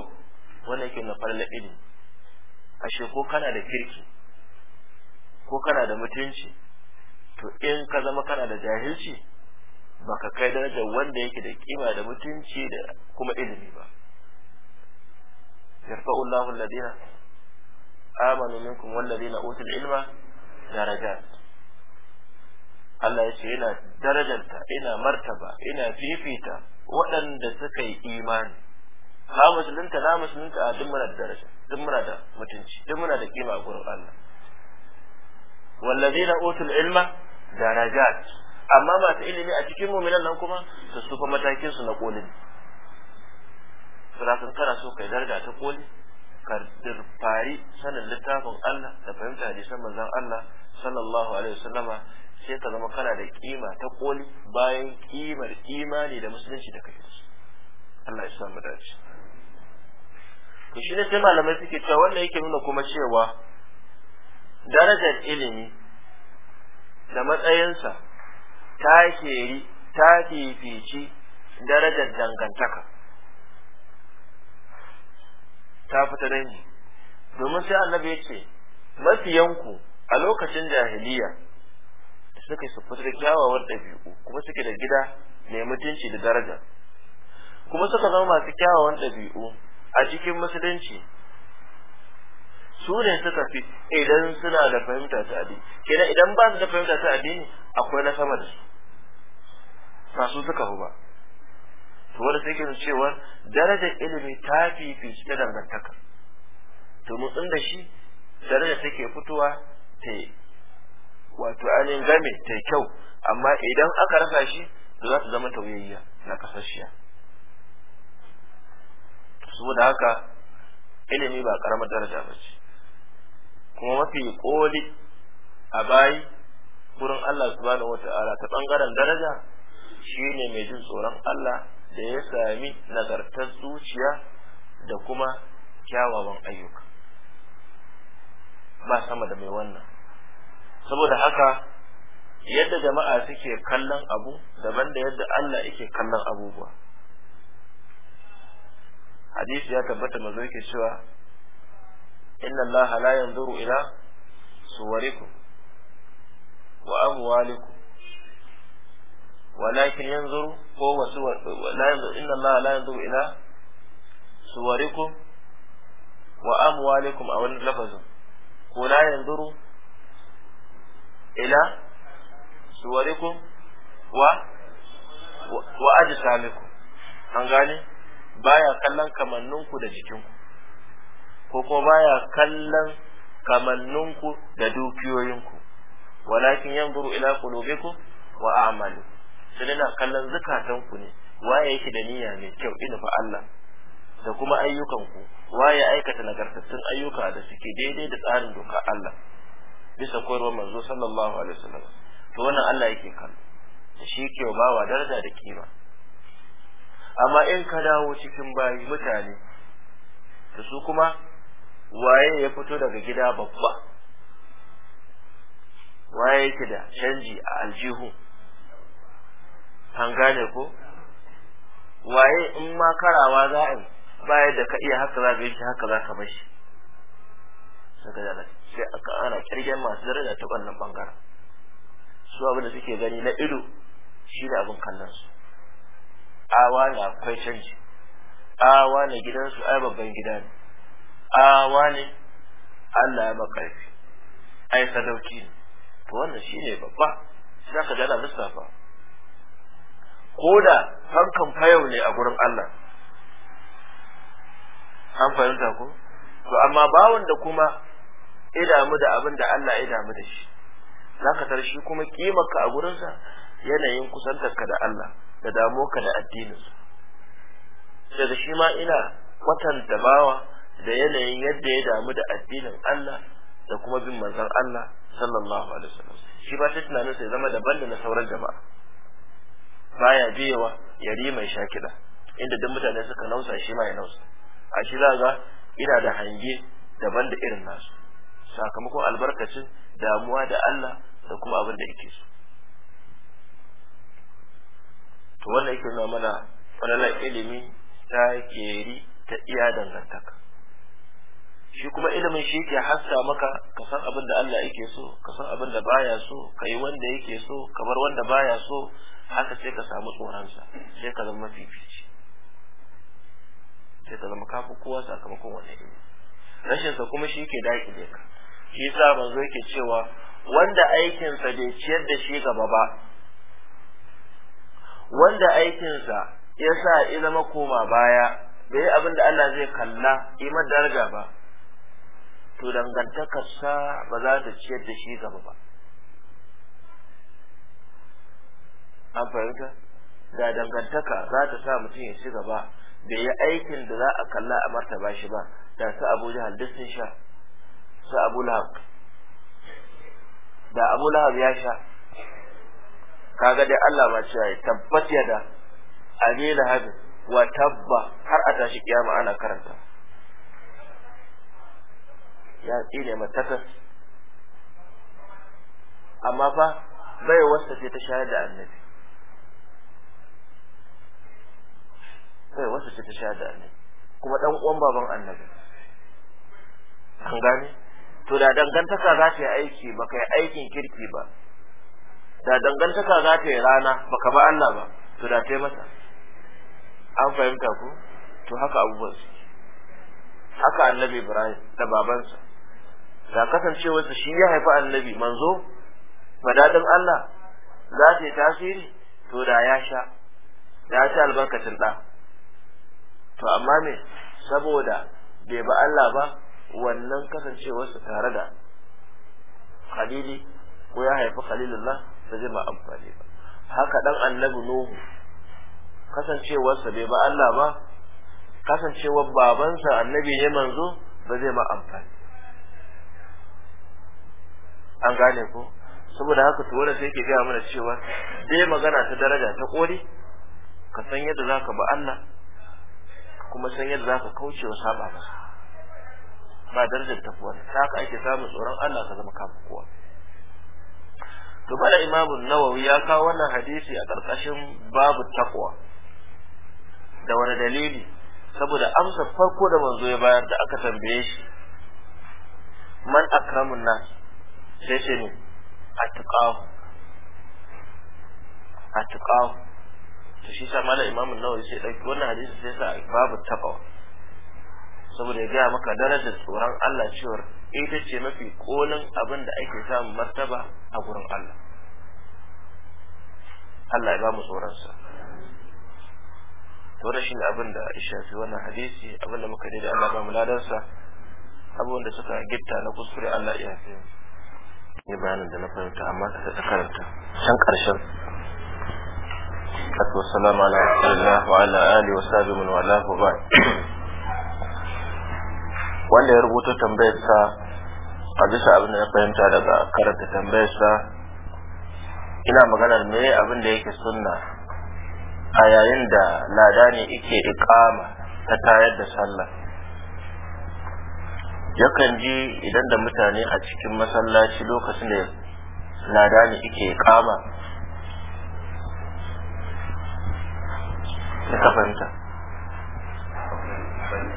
wannan yake na farla ilimi ashe ko kana da kirki ko kana da mutunci to in ka zama kana da jahilci baka kai darajar wanda yake da kima da mutunci da kuma ilimi ba yarfa'u Allahu alladhina amanu minkum wallazina utul ilma darajat Allah ya ce yana darajarta ina martaba ina fifita waɗanda suka yi imani ha musulunta na musulunta a duk muna da daraja duk muna da mutunci duk muna da kima a gurin Allah wallazina utul ilma darajat amma masu ilimi a cikin mu'minan nan kuma su sufa matakin su na kolin sura sun kara so kai daraja ta koli fari sanin littafin Allah da fahimta hadisan manzon Allah sallallahu alaihi wasallama sai ka zama kana da kima ta koli bayan kimar imani da musulunci da kake su Allah ya samu dace to shi ne sai malamai suke cewa wannan yake nuna kuma cewa darajar ilimi da matsayinsa ta keri ta fifici darajar dangantaka ta fita dangi domin sai annabi ya ce mafiyanku a lokacin jahiliya suka su fitar kyawawan ɗabi'u kuma suke da gida mai mutunci da daraja kuma suka zama masu kyawawan ɗabi'u a cikin musulunci su ne suka fi idan suna da fahimta ta addini kenan idan ba su da fahimta ta addini akwai na sama da su ba suka fi ba to wanda sai ke cewa darajar ilimi ta fifici ta dangantaka to mu inda shi darajar take fitowa ta wato ainihin game ta kyau amma idan aka rasa shi to za ta zama tauyayya na kasashiya saboda haka ilimi ba karamar daraja ba ce kuma mafi koli a bayi wurin Allah subhanahu Ta'ala, ta bangaren daraja shine mai jin tsoron Allah da ya sami nagartar zuciya da kuma kyawawan ayyuka ba sama da mai wannan saboda haka yadda jama'a suke kallon abu daban da yadda Allah yake kallon abubuwa hadisi ya tabbata mazo yake cewa inna Allah la yanzuru ila suwarikum wa amwalikum walakin ينظر ko wasu la yanzuru inna Allah la yanzuru ila suwarikum wa amwalikum a wani lafazin ko la yanzuru ila wa aji samiku an gane baya kallon kamanninku da jikinku ko ko baya kallon kamanninku da dukiyoyinku walakin yanzuru ila qulubikum wa a'malikum dan ina kallon zukatanku ne waye yake da niyya mai kyau ina fa Allah da kuma ayyukan ku waye aikata nagartattun ayyuka da suke daidai da tsarin doka Allah bisa koyarwar manzo sallallahu alaihi wasallam to wannan Allah yake kallo da shi ke wa daraja da kima amma in ka dawo cikin bayi mutane da su kuma waye ya fito daga gida babba waye yake da canji a aljihu an gane ko waye in ma karawa za a baya da ka iya haka za ka yi shi haka za ka bashi saka da sai aka ana kirgen masu daraja ta wannan bangaren su abin da suke gani na ido shi da abin kallon su awa na akwai canji awa ne gidansu ai babban gida ne awa ne Allah ya baka ai sadauki ne to wannan shine babba sai ka da lissafa koda da fayau ne a gurin Allah an fahimta ko to amma bawon da kuma idamu da abin da Allah ya damu da shi zaka tar shi kuma kimarka a gurinsa yanayin kusantarka da Allah da damuwarka da addininsa daga shi ma ina kwatanta bawa da yanayin yadda ya damu da addinin Allah da kuma bin manzon Allah sallallahu alaihi wasallam shi ba ta tunanin sai zama daban da na sauran jama'a baya biyewa yari mai sha kiɗa inda duk mutane suka nausa shi ma ya nausa a shi za ga ina da hange daban da irin nasu sakamakon albarkacin damuwa da Allah da kuma abin da yake so to wannan yake nuna mana falalar ilimi ta keri ta iya dangantaka shi kuma ilimin shi ke hassa maka ka san abin da Allah yake so ka san abin da baya so ka yi wanda yake so kamar wanda baya so haka sai ka samu tsoronsa sai ka zama fifici sai ka zama kafi kowa sakamakon wannan ilimi rashin sa kuma shi ke daƙile ka shi yasa manzo yake cewa wanda aikinsa bai ciyar da shi gaba ba wanda aikinsa ya sa ya zama koma baya bai abin da Allah zai kalla imar daraja ba to dangantakarsa ba za ta ciyar da shi gaba ba fahimta da dangantaka za ta sa mutum ya ci gaba bai yi aikin da za a kalla a martaba shi ba da su abu jihar duk sha su abu lahab da abu lahab ya sha kaga dai Allah ba cewa ya tabbat yada lahab wa tabba har a tashi kiyama ana karanta ya ne matakas amma fa bai wasta ce ta shayar da annabi kai wasu ce ta sha ne kuma dan uwan baban annabi an gane to da dangantaka za ta yi aiki ba kai aikin kirki ba da dangantaka za ta yi rana ba ka ba Allah ba to da ta yi masa an fahimta ku? to haka abubuwan su haka annabi Ibrahim da babansa da kasancewarsa shi ya haifi annabi manzo madadin Allah za ta yi tasiri to da ya sha da ya ci albarkacin ɗa to amma me saboda bai ba Allah ba wannan kasancewarsa tare da khalili ko ya haifi khalilullah ba zai ma amfani ba haka dan annabi nuhu kasancewarsa bai ba Allah ba kasancewar babansa annabi ne manzo ba zai ma amfani an gane ko saboda haka to wanda sai ke gaya mana cewa dai magana ta daraja ta kori ka san yadda zaka ba Allah kuma san yadda za ka kauce wa saba masa ba darajar tafuwa ta ka ake samun tsoron Allah ka zama kafin kowa to bala imamu nawawi ya kawo wannan hadisi a ƙarƙashin babu takwa da wani dalili saboda amsar farko da manzo ya bayar da aka tambaye shi man akramun nas sai ce ne a tuƙahu a to shi sa malam imamun nawawi sai dauki wannan hadisi sai sa babu taqwa saboda ya gaya maka darajar tsoron Allah cewar ita ce mafi kolin abin da ake samun martaba a gurin Allah Allah ya ba mu tsoronsa to da shi ne abin da ya shafi wannan hadisi abin da muka daidai Allah ba mu ladarsa abubuwan da suka gitta na kuskure Allah ya yafe ne bayanin da na fahimta amma ta karanta can ƙarshen والصلاة والسلام على wa ala وعلى wa وصحبه من والاه hubai wanda ya rubuta tambayarsa a bisa abin da ya fahimta daga karanta tambayarsa ina maganar me abin da yake sunna a yayin da lada ne yake iqama ta tayar da sallah yakan ji idan da mutane a cikin masallaci lokacin da lada ne yake da kafanta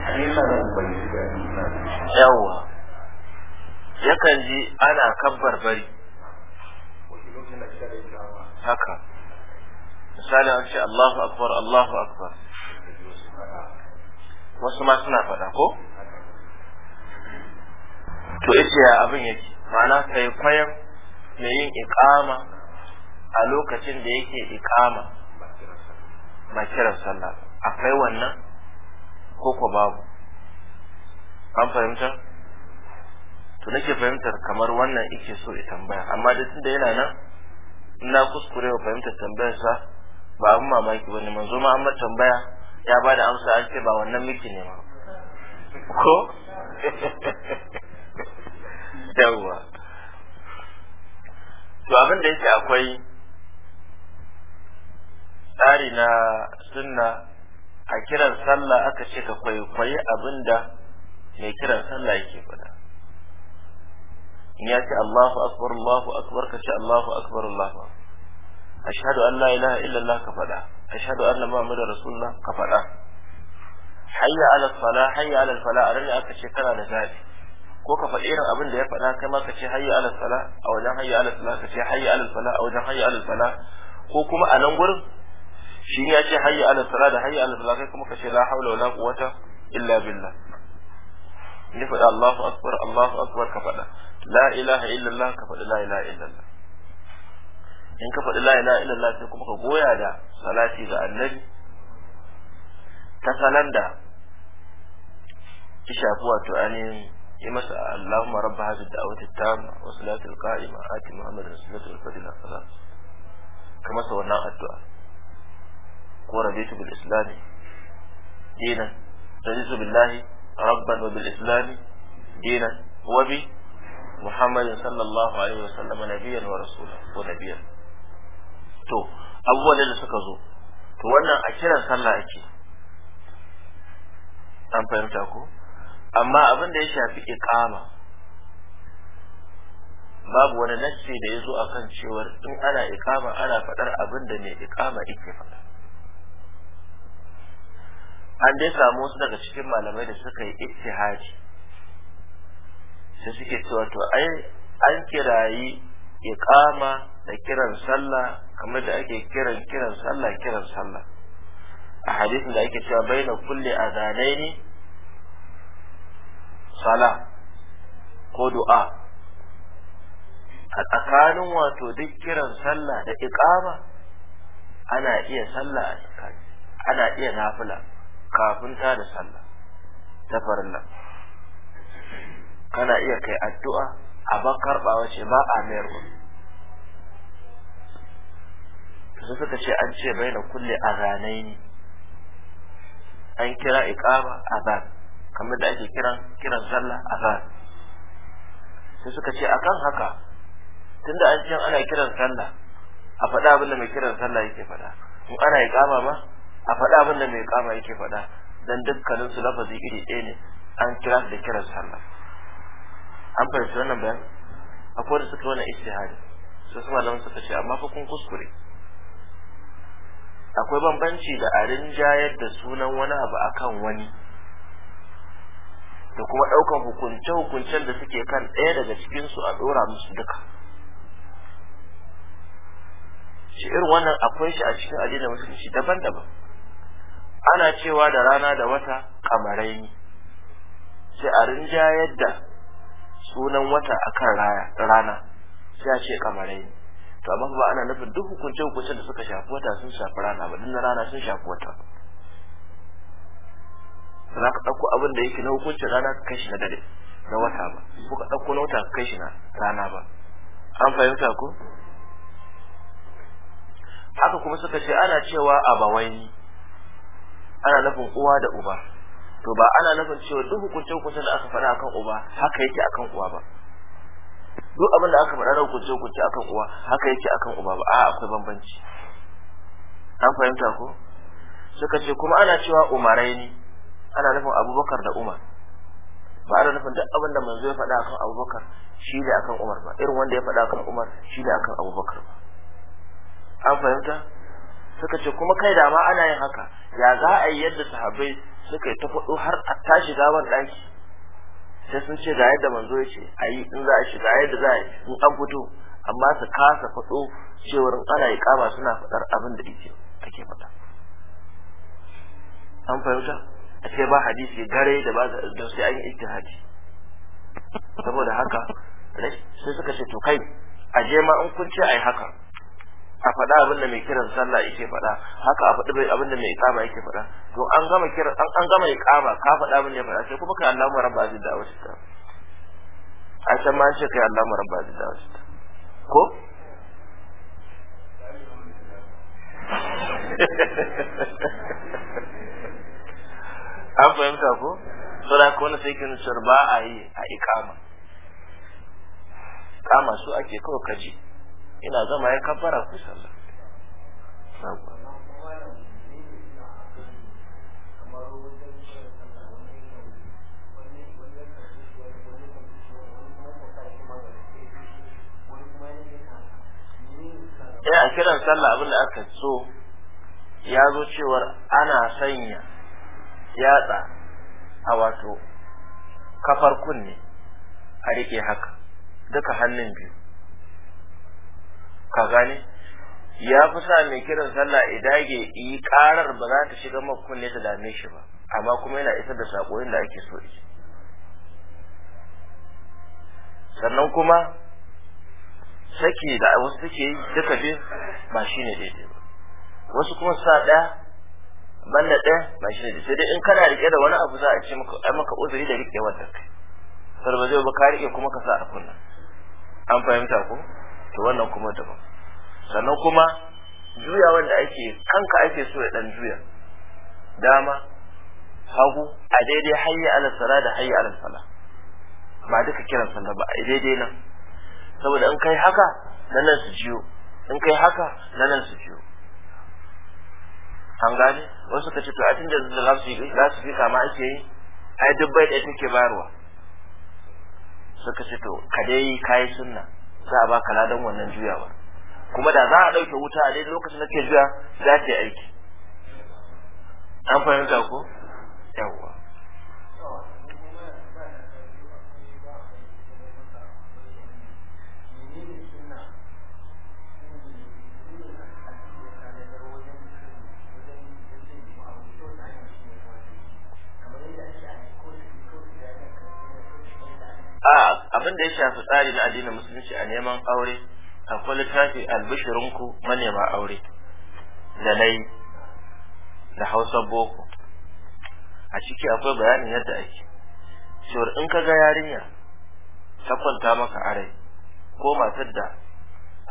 fahimta yawwa yakan ji ana kan barbari haka misali an ce Allahu akbar Allahu akbar wasu ma suna faɗa ko to ita ya abin yake ma'ana sai kwayan mai yin ikama a lokacin da yake ikama ba kiran sallah akwai wannan ko ko babu an fahimta to nake fahimtar kamar wannan yake so ya tambaya amma da tunda yana nan ina kuskure wa fahimtar tambayarsa ba abin mamaki wani manzo ma amma tambaya ya bada amsa an ce ba wannan miki ne ma ko (laughs) yawwa to abin da yake akwai tsari na sunna a kiran sallah aka ce ka kwaikwayi abin da mai kiran sallah yake faɗa in ya ce Allahu akbar Allahu akbar ka ce Allahu akbar Allahu ashhadu an la ilaha illallah ka faɗa ashhadu anna muhammadar rasulullah ka faɗa hayya ala salah hayya ala a anan aka ce kana da zabi ko ka faɗi irin abin da ya faɗa kai ma ka ce hayya ala salah a wajen hayya ala salah ka ce hayya ala falah a wajen hayya ala falah ko kuma a nan gurin shi ya ce hayya ala sala da hayya ala sala kai kuma ka ce la haula wala quwwata illa billah ya faɗa Allahu akbar Allahu akbar ka faɗa la ilaha illallah ka faɗi la ilaha illallah in ka faɗi la ilaha illallah sai kuma ka goya da salati ga annabi ta salan da ya shafi wato ainihin yi masa Allahumma rabba hadhihi da'wati tamma wa salatu al-qa'ima ati Muhammadin sallallahu alaihi wa sallam ka masa wannan addu'a ko rabitu bil islam dinan raditu billahi rabban wa bil islam dinan wa bi muhammadin sallallahu alaihi wa sallam nabiyyan wa rasulan ko nabiyyan to abubuwan da suka zo to wannan a kiran sallah ake an fahimta ko amma abin da ya shafi iqama babu wani nassi da ya zo akan cewar in ana iqama ana faɗar abin da mai iqama yake faɗa an dai samu wasu daga cikin malamai da suka yi ittihaji sai suke cewa to ai an kirayi iqama da kiran sallah kamar da ake kiran kiran sallah kiran sallah a hadisin da ake cewa baina kulli azanaini sala ko du'a a tsakanin wato duk kiran sallah da iqama ana iya sallah a ana iya nafila kafin ta da sallah ta farilla kana iya kai addu'a a ban karbawa ce ba a mayar ku su suka ce an ce bai na kulle a ranai ne an kira a ba kamar da ake kiran kiran sallah ba su suka ce a kan haka tunda an ce ana kiran sallah a faɗa abin da mai kiran sallah yake faɗa in ana iqama ma a faɗa abin da mai kama yake faɗa don dukkanin su lafazi iri ɗaya ne an kira su da kiran sallah an fahimci wannan bayan akwai da suka wannan hari, su su malaman suka ce amma fa kun kuskure akwai bambanci da a rinjayar da sunan wani abu akan wani da kuma ɗaukan hukunce-hukuncen da suke kan ɗaya daga cikinsu a ɗora musu duka shi irin wannan akwai shi a cikin addinin musulunci daban-daban ana cewa da rana da wata kamarai ne sai a rinjayar da sunan wata akan rana sai a ce kamarai ne to amma ba ana nufin duk hukunce hukunce da suka shafi wata sun shafi rana ba dinna rana sun shafi wata za ka ɗauko abin da yake na hukuncin rana ka kai shi na dare na wata ba ko ka ɗauko na wata ka kai shi na rana ba an fahimta ko haka kuma suka ce ana cewa abawai ana nufin uwa da uba to ba ana nufin cewa duk hukunce hukunce da aka faɗa akan uba haka yake akan uwa ba duk abin da aka faɗa da hukunce hukunce akan uwa haka yake akan uba ba a akwai bambanci an fahimta ko suka ce kuma ana cewa umarai ne ana nufin abubakar da umar ba ana nufin duk abin da manzo ya faɗa akan abubakar shi da akan umar ba irin wanda ya faɗa akan umar shi da akan abubakar ba an fahimta suka ce kuma kai da ma ana yin haka ya za a yi yadda sahabbai suka yi ta faɗo har a tashi gaban ɗaki sai sun ce ga yadda manzo ya ce a yi in za a shiga yadda za a yi in an fito amma su kasa faɗo cewar ana yi kama suna faɗar abin da ake ake faɗa an fahimta a ce ba hadisi gare da ba da sai an yi ijtihadi saboda haka sai suka ce to kai a je ma in kun ce ai haka a faɗa abin da mai kiran sallah yake faɗa haka a faɗi bai abin da mai iƙama yake faɗa to an gama kiran an gama iqama ka faɗa abin da ya faɗa sai kuma kai Allahu rabba azza da wasu ta a san ma ce kai Allahu rabba azza da wasu ta ko (laughs) an fahimta ko saboda da wani sai kin shirba a yi a iƙama, kama su ake kawai kaji ina zama ya kabbara ku sallah sai a kiran sallah abin da aka so ya zo cewar ana sanya yatsa a wato kafar kunne a rike haka duka hannun biyu ka gane ya fi sa mai kiran sallah idage yi karar ba za ta shiga makunne ta dame shi ba amma kuma yana isar da sakoyin da ake so sannan kuma saki da wasu suke yi duka biyu ba shi ne daidai ba wasu kuma sa ɗaya banda ɗaya ba shi ne daidai sai dai in kana riƙe da wani abu za a ce maka uzuri da riƙe wanda kai sarbazai zai ba ka riƙe kuma ka sa a kunna an fahimta ko to wannan kuma daban sannan kuma juya wanda ake kanka ake so ya dan juya dama hagu a daidai hayya ala sala da hayya ala sala ba duka kiran sanda ba a daidai nan saboda in kai haka na nan su jiyo in kai haka nan su jiyo an gane wasu ka ce to a tun da za su yi za su fi kama ake yi ai duk bai ɗaya take bayarwa suka ce to ka dai sunna za a baka ladan wannan juyawa kuma da za a ɗauke wuta a daidai lokacin da ke juya za ta yi aiki an fahimta ko yawwa abin da ya shafi tsari na addinin musulunci a neman aure akwai littafi albishirinku manema aure da da hausa boko a ciki akwai bayanin yadda ake cewar in ka ga yarinya ta kwanta maka arai ko matar da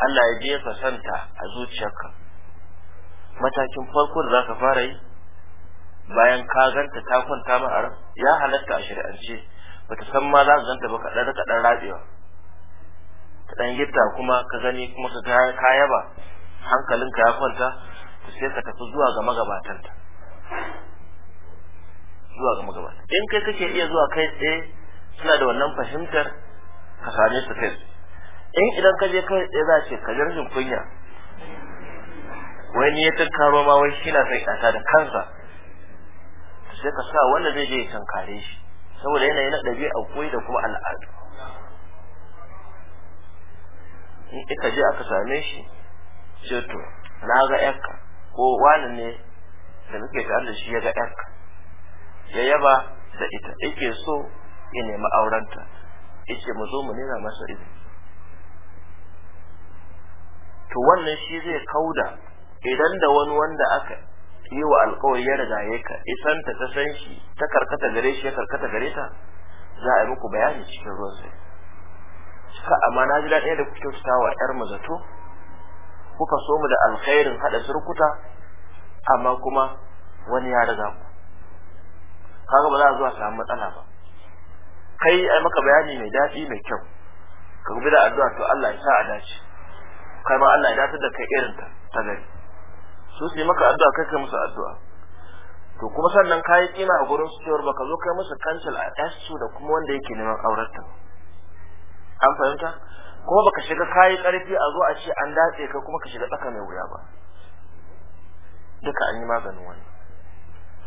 Allah ya jefa santa a zuciyarka matakin farko da zaka fara yi bayan ka ganta ta kwanta ma arai ya halatta a shari'ance bata san ma za ka ganta ba kaɗan kaɗan rabewa ta ɗan gitta kuma ka gani kuma ka kaya ba hankalinka ya kwanta to sai ka tafi zuwa ga magabatanta zuwa ga magabata in kai kake iya zuwa kai tsaye suna da wannan fahimtar ka same su kai in idan ka je kai tsaye za ce ka ji rashin kunya wani ya tunkaro ma wai shi na sai ƙasa da kansa sai ka sa wanda zai je ya tankare shi saboda yanayi na ɗabi'a koyi da kuma al'adu in ita je aka same shi ce to na ga yanka ko wani ne da muke tare da shi ya ga yanka ya yaba da ita yake so ya nemi aurenta yace mu zo mu nuna masa izini to wannan shi zai kauda idan da wani wanda aka yi wa alkawari ya riga ya isanta ta san shi ta karkata gare shi ya karkata gare ta za a yi muku bayani cikin ruwan sai suka amma na ji daɗi da kuke fita wa ƴar mu zato kuka so mu da alkhairin haɗa surkuta amma kuma wani ya riga ku kaga ba za a zuwa samu matsala ba kai ai maka bayani mai daɗi mai kyau ka gubi da addu'a to Allah ya sa a dace kai ma Allah ya dace da kai irin ta ta gari su su maka addu'a kai kai musu addu'a to kuma sannan kayi kina a gurin su cewar baka zo kai musu cancel a ɗan su da kuma wanda yake neman aurarta an fahimta kuma baka shiga kai ƙarfi a zo a ce an datse ka kuma ka shiga tsaka mai wuya ba duka an yi maganin wani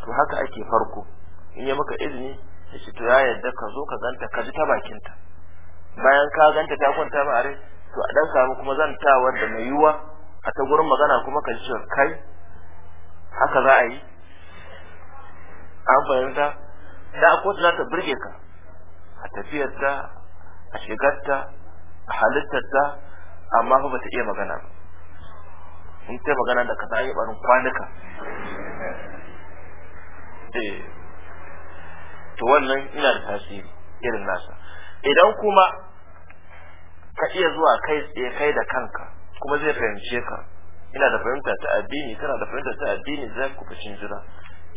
to haka ake farko in ya maka izini ya ce to ya yarda ka zo ka ganta ka ji ta bakinta bayan ka ganta ta kwanta ma a to a dan samu kuma zantawar da mai yiwuwa a ta gurin magana kuma ka ji kai haka za a yi an fahimta da akwai za ta birge ka a tafiyarta a shigarta a halittarta amma fa ba ta iya magana ba in ta magana da ka a yi barin kwanuka eh. to wannan ina da tasiri irin nasa idan kuma ka iya zuwa kai tsaye kai da kanka kuma zai fahimce ka ina da fahimta ta addini kana da fahimta ta addini zai ku fucin jira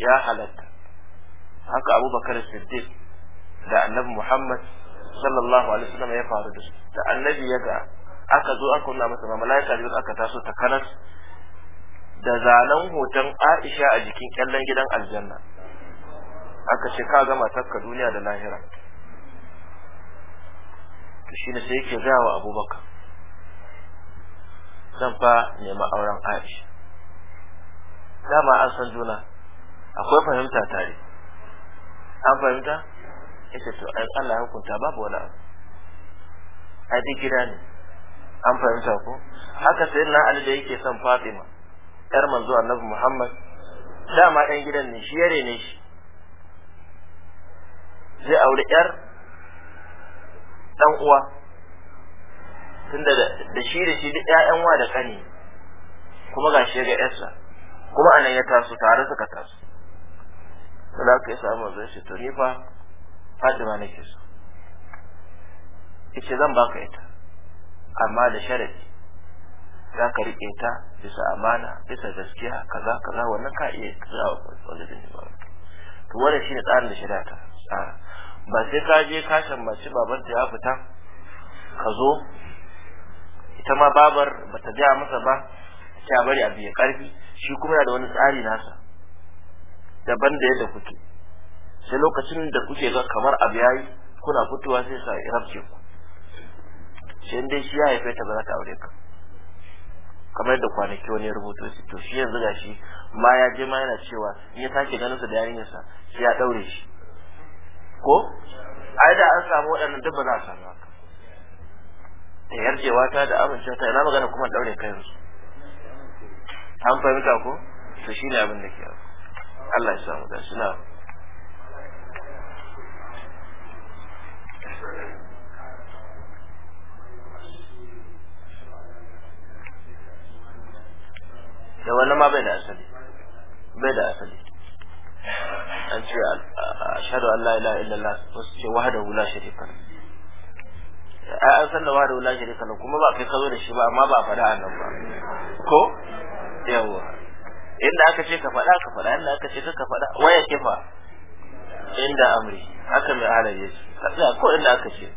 ya halatta haka abubakar siddiq da annabi muhammad sallallahu alaihi wasallam ya faru da su da annabi ya ga aka zo aka nuna masa malaika da aka taso ta kanas da zanen hoton aisha a jikin kyallen gidan aljanna aka ce ka gama takka duniya da lahira to shine sai yake gaya wa abubakar zan fa nemi auren Aisha dama an san juna akwai fahimta tare an fahimta Ita to ai Allah ya hukunta babu wani abu ai dai gida ne an fahimta ko haka sai na Ali da yake son Fatima yar manzo Annabi Muhammad dama ɗan gidan ne shi yare ne shi zai aure yar dan uwa tunda da shi da shi duk ƴaƴan wa da kani kuma gashi ya ga ƴarsa kuma anan ya taso tare suka taso to da ka samu zan shi to ni fa Fatima nake so yace zan baka ita amma da sharadi za ka riƙe ta bisa amana bisa gaskiya kaza kaza wannan ka iya tsawa wajen ba to wannan shine tsarin da shari'a ta ba sai ka je ka shammaci babanta ya fita ka zo ita ma babar ba ta gaya masa ba ta bari abu ya karfi shi kuma yana da wani tsari nasa daban da yadda kuke sai lokacin da kuke ga kamar abu yayi kuna fitowa sai sa rabce ku sai dai shi ya haife ta ba za ta aure ka kamar da kwanaki wani rubutu shi to shi yanzu ga shi, ma ya je ma yana cewa in ya sake ganin sa da yarinyar sa sai ya daure shi ko ai da an samu waɗannan duk ba za a samu da yarjewa ta da amincewa ta ina magana kuma daure kai yanzu an fahimta ko to shine abin da ke Allah ya samu da na da wannan ma bai da asali bai da asali an ce ashhadu an la ilaha wasu ce wahada wula shari'a ai an san da wa da wala shirka kuma ba kai kazo da shi ba amma ba faɗa nan ba ko yawa inda aka ce ka faɗa ka faɗa inda aka ce ka faɗa waya kifa inda amri haka mai halar ko inda aka ce